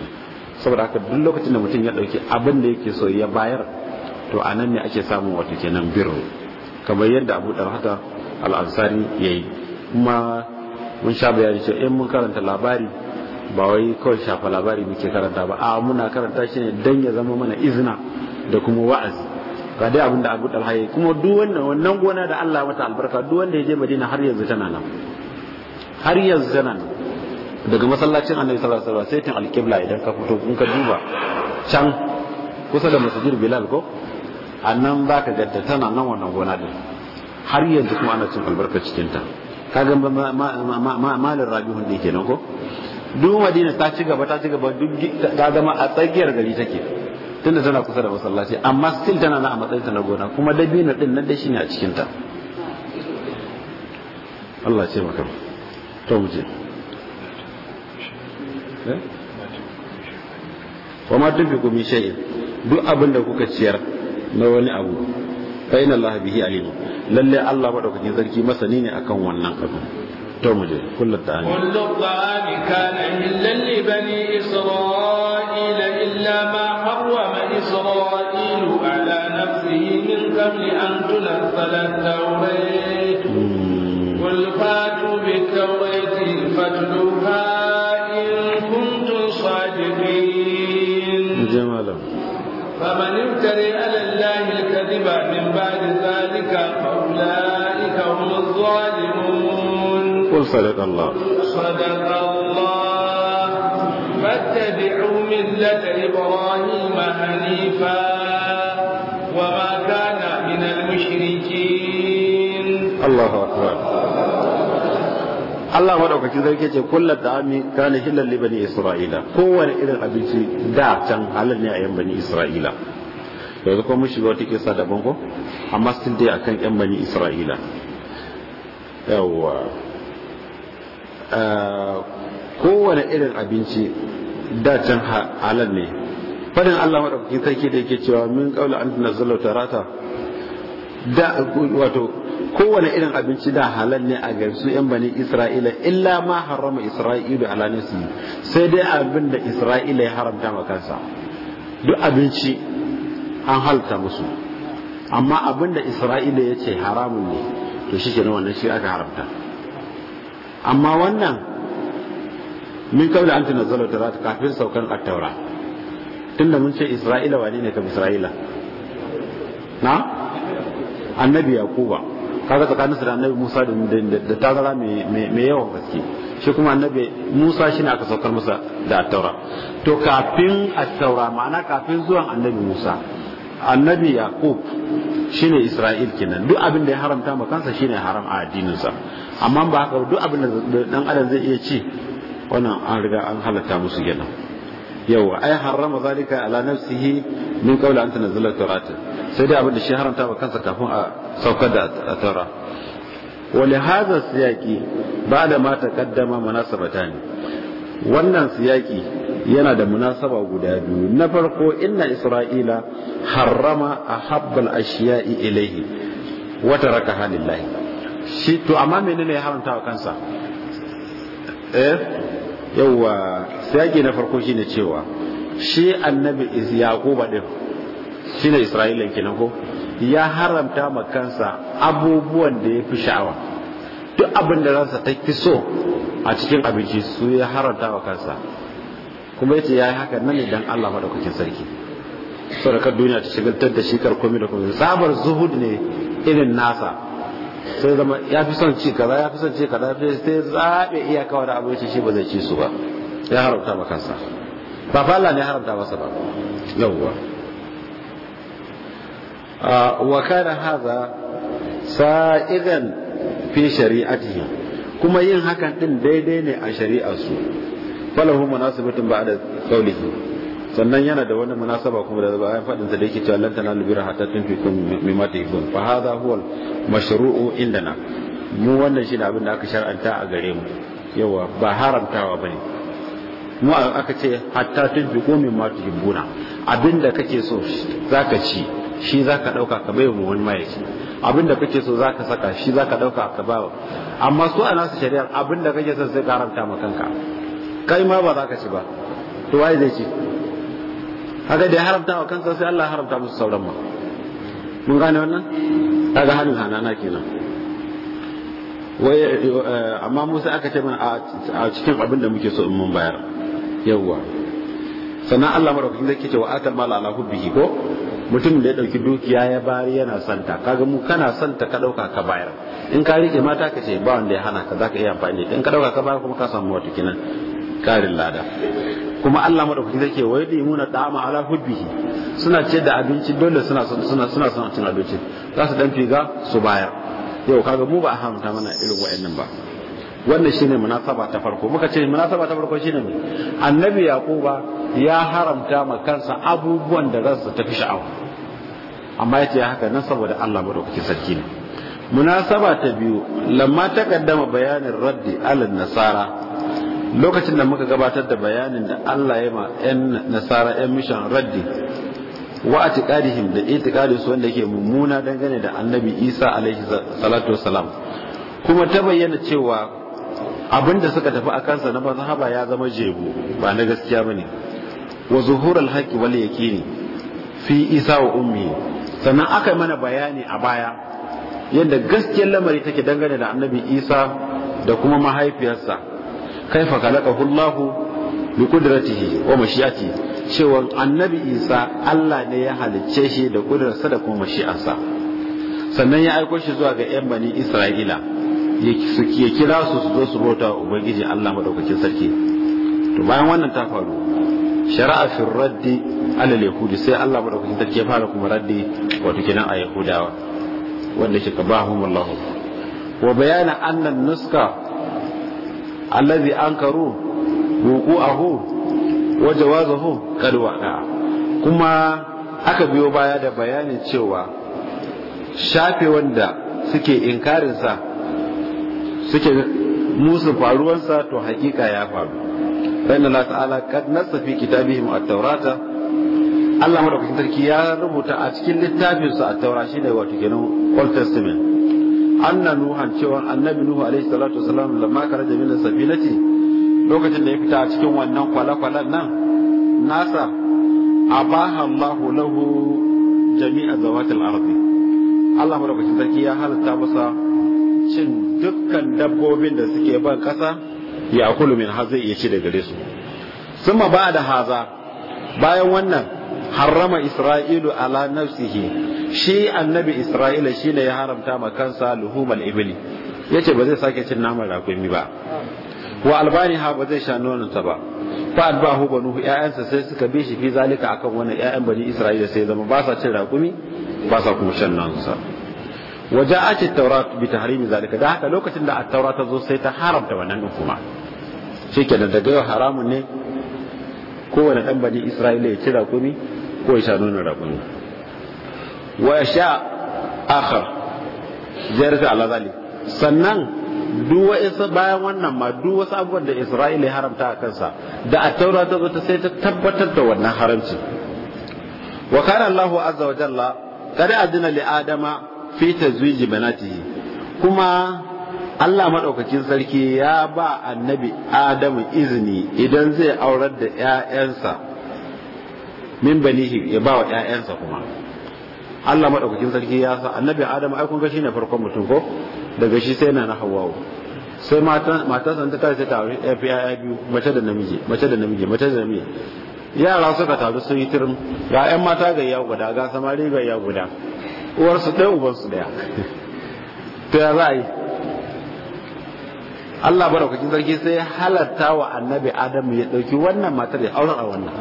saboda haka duk lokacin da mutum ya dauki abin da yake so ya bayar to a nan ne ake samun wato kenan biro kamar yadda abu dar hata al-ansari yayi kuma mun sha bayani cewa in mun karanta labari ba wai kawai shafa labari muke karanta ba a muna karanta shi ne dan ya zama mana izina da kuma wa'azi ga dai abin da Abu Talha kuma duk wannan wannan gona da Allah mata albarka duk wanda ya je Madina har yanzu tana nan har yanzu tana nan daga masallacin Annabi sallallahu alaihi wasallam sai tin alqibla idan ka fito kun ka duba can kusa da masjid Bilal ko annan zaka ga tana nan wannan gona din har yanzu kuma ana cin albarka cikin ta kaga malin rabihun ne kenan ko duk madina ta ci gaba ta ci gaba duk ta zama a tsakiyar gari take tunda tana kusa da masallaci amma still tana na a matsayin ta na gona kuma dabino din nan dai shine a cikin ta Allah ya ce maka to mu je eh? wa ma tunfiqu min shay'in duk abin da kuka ciyar na wani abu fa inna Allah bihi alim lalle Allah madaukakin sarki masani ne akan wannan abu تومجي كل الطعام كل الطعام كان حلا لبني إسرائيل إلا ما حرم إسرائيل على نفسه من قبل أن تنزل التوراة قل فاتوا بالتوراة فاتلوها إن كنتم صادقين جمالا فمن ابتلي على الله الكذب من بعد صدق الله صدق الله فاتبعوا ملة إبراهيم حنيفا وما كان من المشركين الله أكبر Allah madaukakin sarki ce kullat da ami kana hilal li bani isra'ila kowane irin abinci da can halal ne a yan bani isra'ila yanzu kuma mun shiga wata kisa daban ko amma sun dai akan yan bani isra'ila yawwa kowane irin abinci dacin halal ne fadin Allah maɗaukakin sarki da yake cewa min ƙaula an tunazzalo tarata da wato kowane irin abinci da halal ne a gaisu yan bani isra'ila illa ma harama isra'ilu ala nafsi sai dai abin da isra'ila ya haramta ma kansa duk abinci an halta musu amma abin da isra'ila ya ce haramun ne to shi ke wannan shi aka haramta amma wannan min da an tunazzala tawrat kafin saukan at-taura tunda mun ce isra'ila wani ne ka isra'ila na annabi yakuba kaga su da annabi musa da tazara mai yawan gaske shi kuma annabi musa shi ne aka saukar masa da attaura to kafin attaura ma'ana kafin zuwan annabi musa annabi yaqub shi ne isra'il kenan duk abin da ya haramta ma kansa shi ne haram a addininsa amma ba haka duk abin da dan adam zai iya ci wannan an riga an halatta musu kenan yawa ai harrama zalika ala nafsihi min qawla anta tanzala tawrat sai dai abin da shi haramta ba kansa kafin a saukar da atara ba da mata ma taqaddama munasabatan wannan siyaki yana da munasaba guda biyu na farko inna isra'ila harrama ahabbal ashiya'i ilaihi wa taraka halillahi shi to amma menene ya haramta wa kansa eh yawa sai na farko shine cewa shi annabi yaquba din shine isra'ila kenan ko ya haramta ma kansa abubuwan da ya fi sha'awa duk abin da ransa ta fi so a cikin abinci su ya haramta wa kansa kuma yace yayi haka nan ne dan Allah madaukakin sarki saboda duniya ta shigaltar da shi karkomi da kuma sabar zuhud ne irin nasa sai zama ya fi son ci kaza ya fi son ci kaza sai zaɓe iya kawar abinci shi ba zai ci su ba ya haramta ma kansa ba fa Allah ne haramta masa ba yawwa wa kana hadha sa'idan fi shari'atihi kuma yin hakan din daidai ne a shari'ar su falahu munasibatin ba'da qawlihi sannan yana da wani munasaba kuma da bayan fadin da yake cewa lan tanalu birra hatta tunfiqu mimma tuhibbun fa hadha huwa mashru'u indana mu wannan shi ne abin da aka shar'anta a gare mu yawa ba haramtawa bane mu aka ce hatta tunfiqu mimma tuhibbuna abinda kake so zaka ci shi zaka dauka ka bai mu wani mai ci abinda kake so zaka saka shi zaka dauka ka ba amma su a nasu shari'ar abinda kake so sai ka haramta ma kanka kai ma ba za ka ci ba to wai zai ci haka da ya haramta wa kansa sai Allah haramta musu sauran ma mun gane wannan daga halin hanana kenan eh, amma Musa aka ce mana a cikin abin da muke so in mun bayar yawwa sannan Allah madaukakin zai ce wa atal mala ala hubbihi ko mutum da ya dauki dukiya ya bari yana santa kaga mu kana santa ka dauka ka bayar in ka rike mata ka ce ba wanda ya hana ka zaka iya amfani in ka dauka ka bayar kuma ka samu wata kenan karin lada kuma Allah madaukakin sarki wa da da'ama ala hubbihi suna ce da abinci dole suna suna suna son cin abinci za su dan figa su baya yau kaga mu ba a haramta mana irin wa'annan ba wannan shine munasaba ta farko muka ce munasaba ta farko shine me annabi yaquba ya haramta ma kansa abubuwan da ransa ta fi sha'awa amma yace haka nan saboda Allah madaukaki sarki ne munasaba ta biyu lamma ta kaddama bayanin raddi alin nasara lokacin da muka gabatar da bayanin da Allah ya ma 'yan nasara 'yan mishan raddi wa atiqadihim da itiqadin su wanda yake mummuna dangane da annabi Isa alaihi salatu wasalam kuma ta bayyana cewa abinda suka tafi a kansa na mazhaba ya zama jebu ba na gaskiya bane wa zuhurul haqqi wal yaqini fi Isa wa ummi sannan aka mana bayani a baya yadda gaskiyar lamari take dangane da annabi Isa da kuma mahaifiyarsa kaifa khalaqahu Allah bi qudratihi wa mashi'ati cewa annabi Isa Allah ne ya halicce shi da kudurarsa da kuma mashi'arsa sannan ya aiko shi zuwa ga yan bani Isra'ila ya kira su su zo su bauta wa ubangiji Allah madaukakin sarki to bayan wannan ta faru shari'a fi raddi ala yahudi sai Allah madaukakin sarki ya fara kuma raddi wato kenan a yahudawa wanda shi kabahum Allah wa bayana annan nuska allazi ankaru wuqu'ahu wa jawazahu qad waqa kuma aka biyo baya da bayanin cewa shafe wanda suke inkarin sa suke musu faruwansa to hakika ya faru bayan Allah ta'ala kad nassa fi kitabihim at-taurata Allah madaukakin sarki ya rubuta a cikin littafinsu a taura ne wato kenan Old Testament anna nuhan cewa annabi nuhu alaihi salatu wasalam lamma karaja min safinati lokacin da ya fita cikin wannan kwale nan nasa abaha Allahu lahu jami'a zawatil ardi Allah madaukakin sarki ya halatta masa cin dukkan dabbobin da suke ban kasa ya akulu min ha zai iya ci da gare su ba da haza bayan wannan harrama isra'ilu ala nafsihi shi annabi isra'ila shi ne ya haramta ma kansa luhumal ibli ya ce ba zai sake cin naman rakumi ba wa albani ha ba zai sha nonon ta ba fa albahu banuhu ƴaƴansa sai suka bi shi fi zalika akan wannan ƴaƴan bani isra'ila sai zama ba sa cin rakumi ba sa kuma shan nononsa wa ja'at at-taurat bi tahrimi zalika da haka lokacin da at-taurat ta zo sai ta haramta wannan din kuma shikenan daga yau haramun ne kowane dan bani isra'ila ya ci rakumi ko ya sha nonon rakumi wa sha akhar zai rufe sannan duk isa bayan wannan ma duk wasu abubuwan da Isra'ila ya haramta a kansa da a taura ta zo ta sai ta tabbatar da wannan haramci wa kana Allahu azza wa jalla kada adina li adama fi tazwiji banatihi kuma Allah maɗaukakin sarki ya ba annabi Adamu izini idan zai aurar da ƴaƴansa min banihi ya ba wa ‘ya'yansa kuma. Allah madaukakin sarki ya sa annabi Adam ai kun ga shine farkon mutum ko daga shi sai na na Hawwa sai mata mata san ta sai ta FIA biyu mace da namiji mace da namiji mace da namiji yara suka taru sun yi tirin ga ƴan mata ga ya guda ga samari ga ya guda uwarsu ɗaya ubansu ɗaya ta ya za a yi Allah baraukakin sarki sai ya halatta wa annabi Adam ya ɗauki wannan matar ya aura a wannan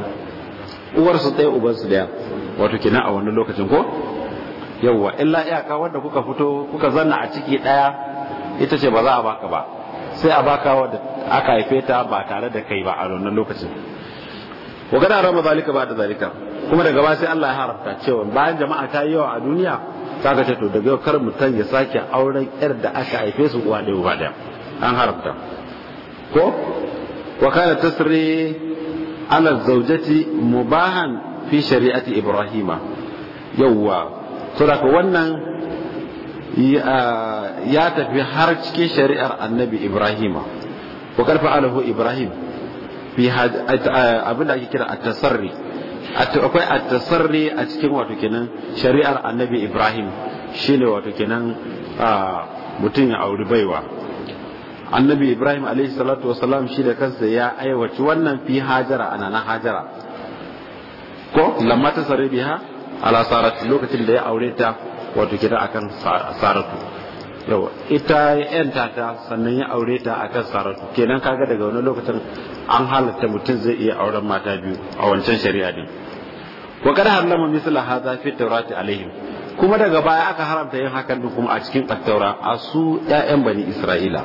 uwarsu ɗaya su ɗaya wato kenan a wannan lokacin ko yawwa illa iyaka wanda kuka fito kuka zanna a ciki daya ita ce ba za a baka ba sai a baka wadda aka haife ta ba tare da kai ba a wannan lokacin wa kada rama zalika ba da zalika kuma daga ba sai Allah ya haramta cewa bayan jama'a ta yi yawa a duniya ta ce to daga yau kar mutum ya sake auren yar da aka haife su uwa da uba da an haramta ko wa kana tasri ala zawjati mubahan fi shari'ati ibrahima yawwa saboda wannan ya tafi har cikin shari'ar annabi ibrahima wa karfa alahu ibrahim fi abinda ake kira at-tasarri akwai at-tasarri a cikin wato kenan shari'ar annabi ibrahim shine wato kenan mutum ya auri baiwa annabi ibrahim alaihi salatu wasalam shi da kansa ya aiwaci wannan fi hajara ana na hajara ko lamma ta sare biya ala saratu lokacin da ya aure ta wato kira akan saratu yawa ita yanta ta sannan ya aure ta akan saratu kenan kaga daga wani lokacin an halatta mutum zai iya auren mata biyu a wancan shari'a din wa kada harlama misla hadha fi alaihim kuma daga baya aka haramta yin hakan din kuma a cikin attaura a su ƴaƴan bani isra'ila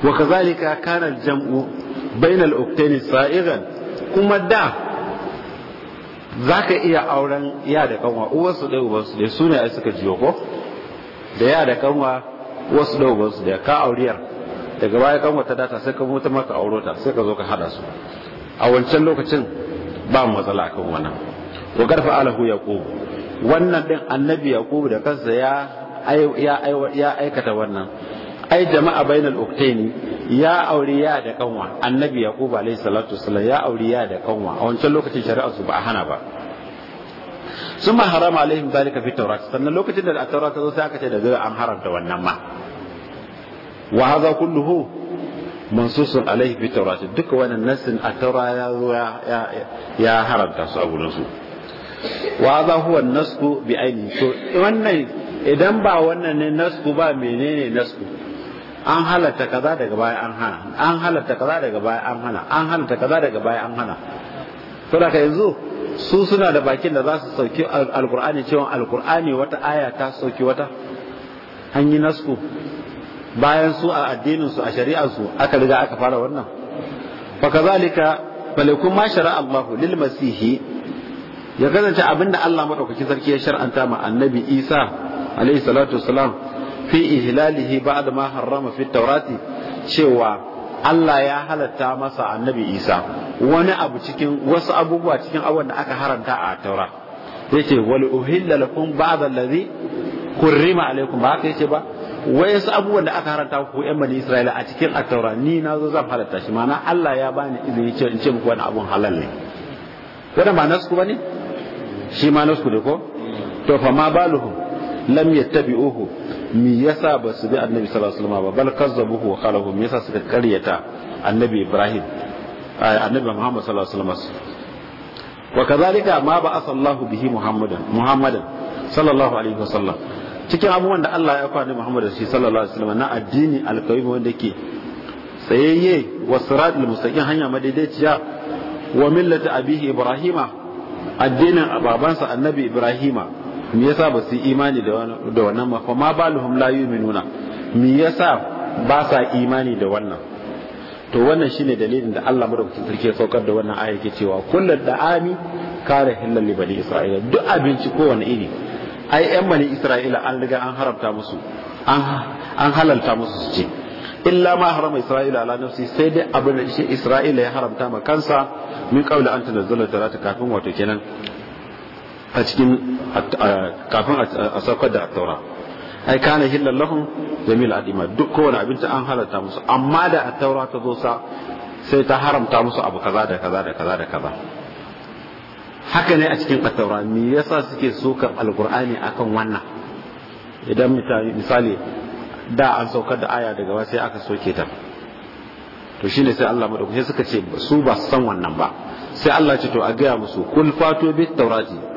wa kazalika kana jamu bainal uktaini sa'igan kuma da za ka iya auren ya da kanwa uwarsu ɗaya uwarsu ɗaya su ne ai suka jiyo ko da ya da kanwa wasu ɗaya uwarsu ɗaya ka auriyar daga baya kanwa ta data sai ka mutu maka auro ta sai ka zo ka haɗa su a wancan lokacin ba matsala kan wannan To garfa alahu yaqub wannan ɗin annabi yaqub da kansa ya ya aikata wannan ai jama'a bainal uktaini ya auri ya da kanwa annabi yaqub alayhi salatu wasallam ya auri ya da kanwa a wancan lokacin shari'a su ba a hana ba summa harama alaihim zalika fi tawrat sannan lokacin da at-taurat ta zo sai aka ce da zai an haramta wannan ma wa hadha kulluhu mansusun alaihi fi tawrat duka wannan nassin at-taura ya zo ya ya haramta su a gurin su wa hadha huwa an-nasku bi ayni to wannan idan ba wannan ne nasku ba menene nasku an halatta kaza daga baya an hana an halatta kaza daga baya an hana an halatta kaza daga baya an hana to da yanzu su suna da bakin da za su sauki alkur'ani cewa alkur'ani wata aya ta sauki wata an yi nasku bayan su a addinin su a shari'ar su aka riga aka fara wannan fa kazalika falakum ma shara Allahu lil masihi ya kasance abinda Allah madaukakin sarki ya shar'anta ma annabi Isa alayhi salatu wassalam fi ihlalihi ba'da ma harrama fi tawrati cewa Allah ya halatta masa annabi Isa wani abu cikin wasu abubuwa cikin abin da aka haranta a taura yace wal uhilla lakum ba'd allazi kurrima alaikum ba yace ba wasu abubuwan da aka haranta ku yan bani Isra'ila a cikin at-taura ni na zo zan halatta shi ma'ana Allah ya bani izini ce in ce muku wani abun halal ne wannan ba nasku bane shi ma nasku ne ko to fa ma baluhu lam yattabi'uhu mi yasa ba su bi annabi sallallahu alaihi wasallam ba bal kazzabuhu wa khalahu mi yasa suka karyata annabi ibrahim annabi muhammad sallallahu alaihi wasallam wa kadhalika ma ba asallahu bihi muhammadan muhammadan sallallahu alaihi wasallam cikin abubuwan da Allah ya kwani muhammad shi sallallahu alaihi wasallam na addini alqayyim wanda ke tsayayye wa siratul mustaqim hanya madaidaiciya wa millati abihi ibrahima addinin babansa annabi ibrahima me yasa ba su imani da wannan ba fa ma baluhum la yu'minuna me yasa ba sa imani da wannan to wannan shine dalilin da Allah madaukakin sarki ya saukar da wannan aya cewa kullad da'ami kare hillal li bani isra'ila duk abinci kowane iri ai yan bani isra'ila an riga an haramta musu an halalta musu su ce illa ma harama isra'ila ala nafsi sai dai abin da shi isra'ila ya haramta ma kansa min qabla an tanzala talata kafin wato kenan a cikin kafin a saukar da taura ai kana hillan lahum jamil adima duk kowane abinci an halarta musu amma da taura ta zo sa sai ta haramta musu abu kaza da kaza da kaza da kaza haka ne a cikin taura me yasa suke sokar alqur'ani akan wannan idan misali da an saukar da aya daga wasu sai aka soke ta to shine sai Allah madaukake suka ce su ba su san wannan ba sai Allah ce to a gaya musu kul fatu bit taurati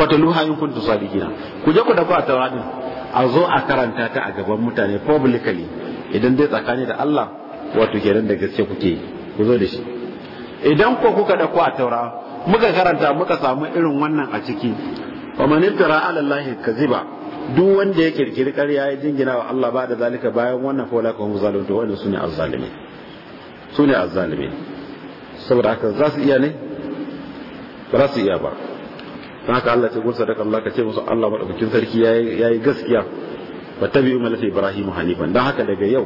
fataluha in kuntum sadiqina ku je ku dauko a tauradin a zo a karanta ta a gaban mutane publicly idan dai tsakani da Allah wato kenan da gaske kuke ku zo da shi idan ko kuka dauko a taura muka karanta muka samu irin wannan a ciki wa man iftara ala allahi kaziba duk wanda ya kirkiri ƙarya ya jingina wa Allah ba da zalika bayan wannan fa wala kahum to wannan sune azzalimin sune azzalimin saboda haka za su iya ne ba za su iya ba haka Allah ce gun sadaka Allah ka ce musu Allah madaukakin sarki yayi gaskiya wa tabi'u millati ibrahim hanifan dan haka daga yau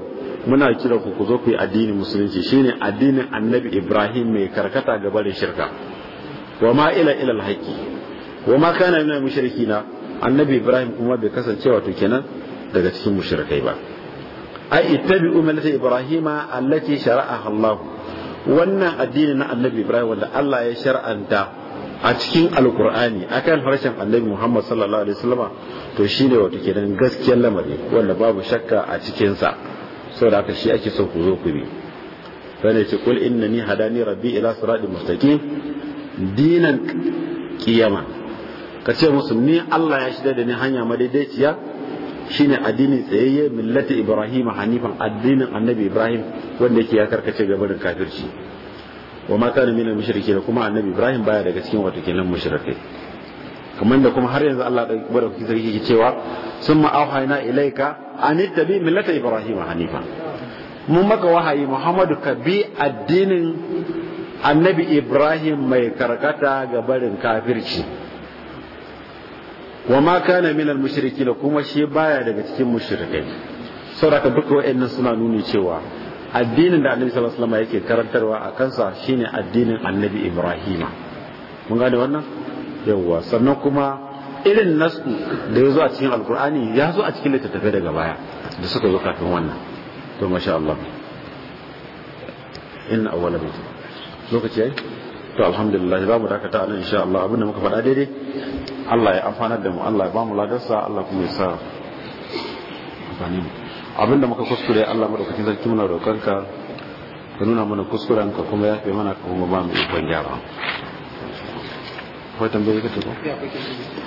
muna kiran ku ku zo ku yi addinin musulunci shine addinin annabi ibrahim mai karkata ga barin shirka wa ma ila ila alhaqi wa ma kana min mushrikina annabi ibrahim kuma bai kasance wato kenan daga cikin mushrikai ba ai ittabi'u millata ibrahima allati shara'aha Allah wannan addini na annabi ibrahim wanda Allah ya shar'anta a cikin alkur'ani akan harshen annabi muhammad sallallahu alaihi wasallam to shine wato kenan gaskiyar lamari wanda babu shakka a cikin sa saboda haka shi ake so ku zo ku bi sai ce kul innani hadani rabbi ila siratin mustaqim dinan qiyama ka ce musu ni Allah ya shida da ni hanya madaidaiciya shine addini tsayayye millati ibrahim hanifan addinin annabi ibrahim wanda yake ya karkace gaban kafirci wa ma kana minal kuma annabi ibrahim baya daga cikin wato kenan mushrikai kamar da kuma har yanzu Allah da gwada kuki sarki yake cewa sun ma'auhaina ilaika an ittabi millata ibrahim hanifa mun maka wahayi muhammadu ka bi addinin annabi ibrahim mai karkata ga barin kafirci wa ma kana minal kuma shi baya daga cikin mushrikai saboda duk wa'annan suna nuni cewa addinin da annabi sallallahu alaihi wasallam yake karantarwa a kansa shine addinin annabi ibrahima mun gane wannan yawa sannan kuma irin nasu da ya zo a cikin alkur'ani ya zo a cikin littattafai daga baya da suka zo kafin wannan to masha Allah inna awwala bayt lokaci yayi to alhamdulillah za mu dakata Allah insha Allah abinda muka faɗa daidai Allah ya amfanar da mu Allah ya ba mu ladarsa Allah kuma ya sa amfani mu abinda muka kuskure Allah madaukakin sarki muna roƙon ka ka nuna mana kuskuren ka kuma yafe mana kuma ba mu ikon gyara wai tambaye ka ce ko